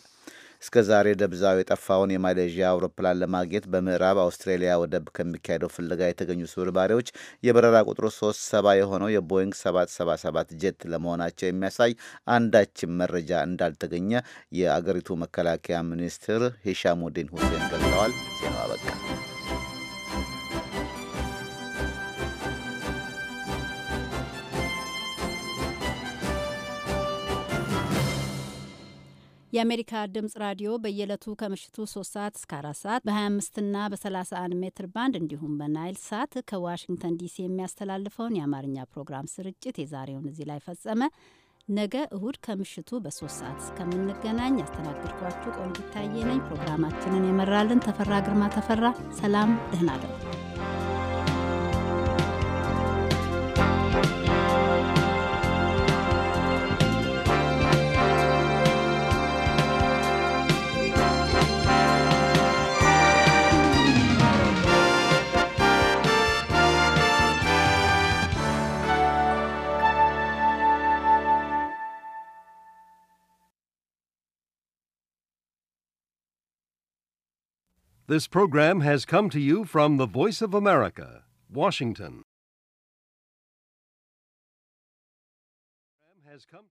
እስከ ዛሬ ደብዛው የጠፋውን የማሌዥያ አውሮፕላን ለማግኘት በምዕራብ አውስትሬሊያ ወደብ ከሚካሄደው ፍለጋ የተገኙ ስብርባሪዎች የበረራ ቁጥሩ 37 የሆነው የቦይንግ 777 ጀት ለመሆናቸው የሚያሳይ አንዳችም መረጃ እንዳልተገኘ የአገሪቱ መከላከያ ሚኒስትር ሂሻሙዲን ሁሴን ገልጸዋል። ዜናው አበቃ። የአሜሪካ ድምጽ ራዲዮ በየዕለቱ ከምሽቱ 3 ሰዓት እስከ 4 ሰዓት በ25 እና በ31 ሜትር ባንድ እንዲሁም በናይል ሳት ከዋሽንግተን ዲሲ የሚያስተላልፈውን የአማርኛ ፕሮግራም ስርጭት የዛሬውን እዚህ ላይ ፈጸመ። ነገ እሁድ ከምሽቱ በሶስት ሰዓት እስከምንገናኝ ያስተናግድኳችሁ ቆንጅታዬ ነኝ። ፕሮግራማችንን የመራልን ተፈራ ግርማ ተፈራ። ሰላም፣ ደህና እደሩ። This program has come to you from the Voice of America, Washington. Has come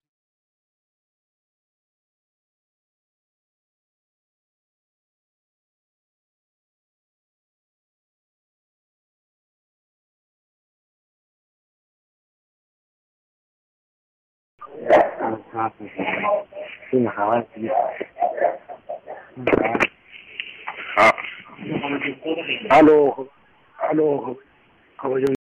I'm talking to you. Ah. Alors, alors,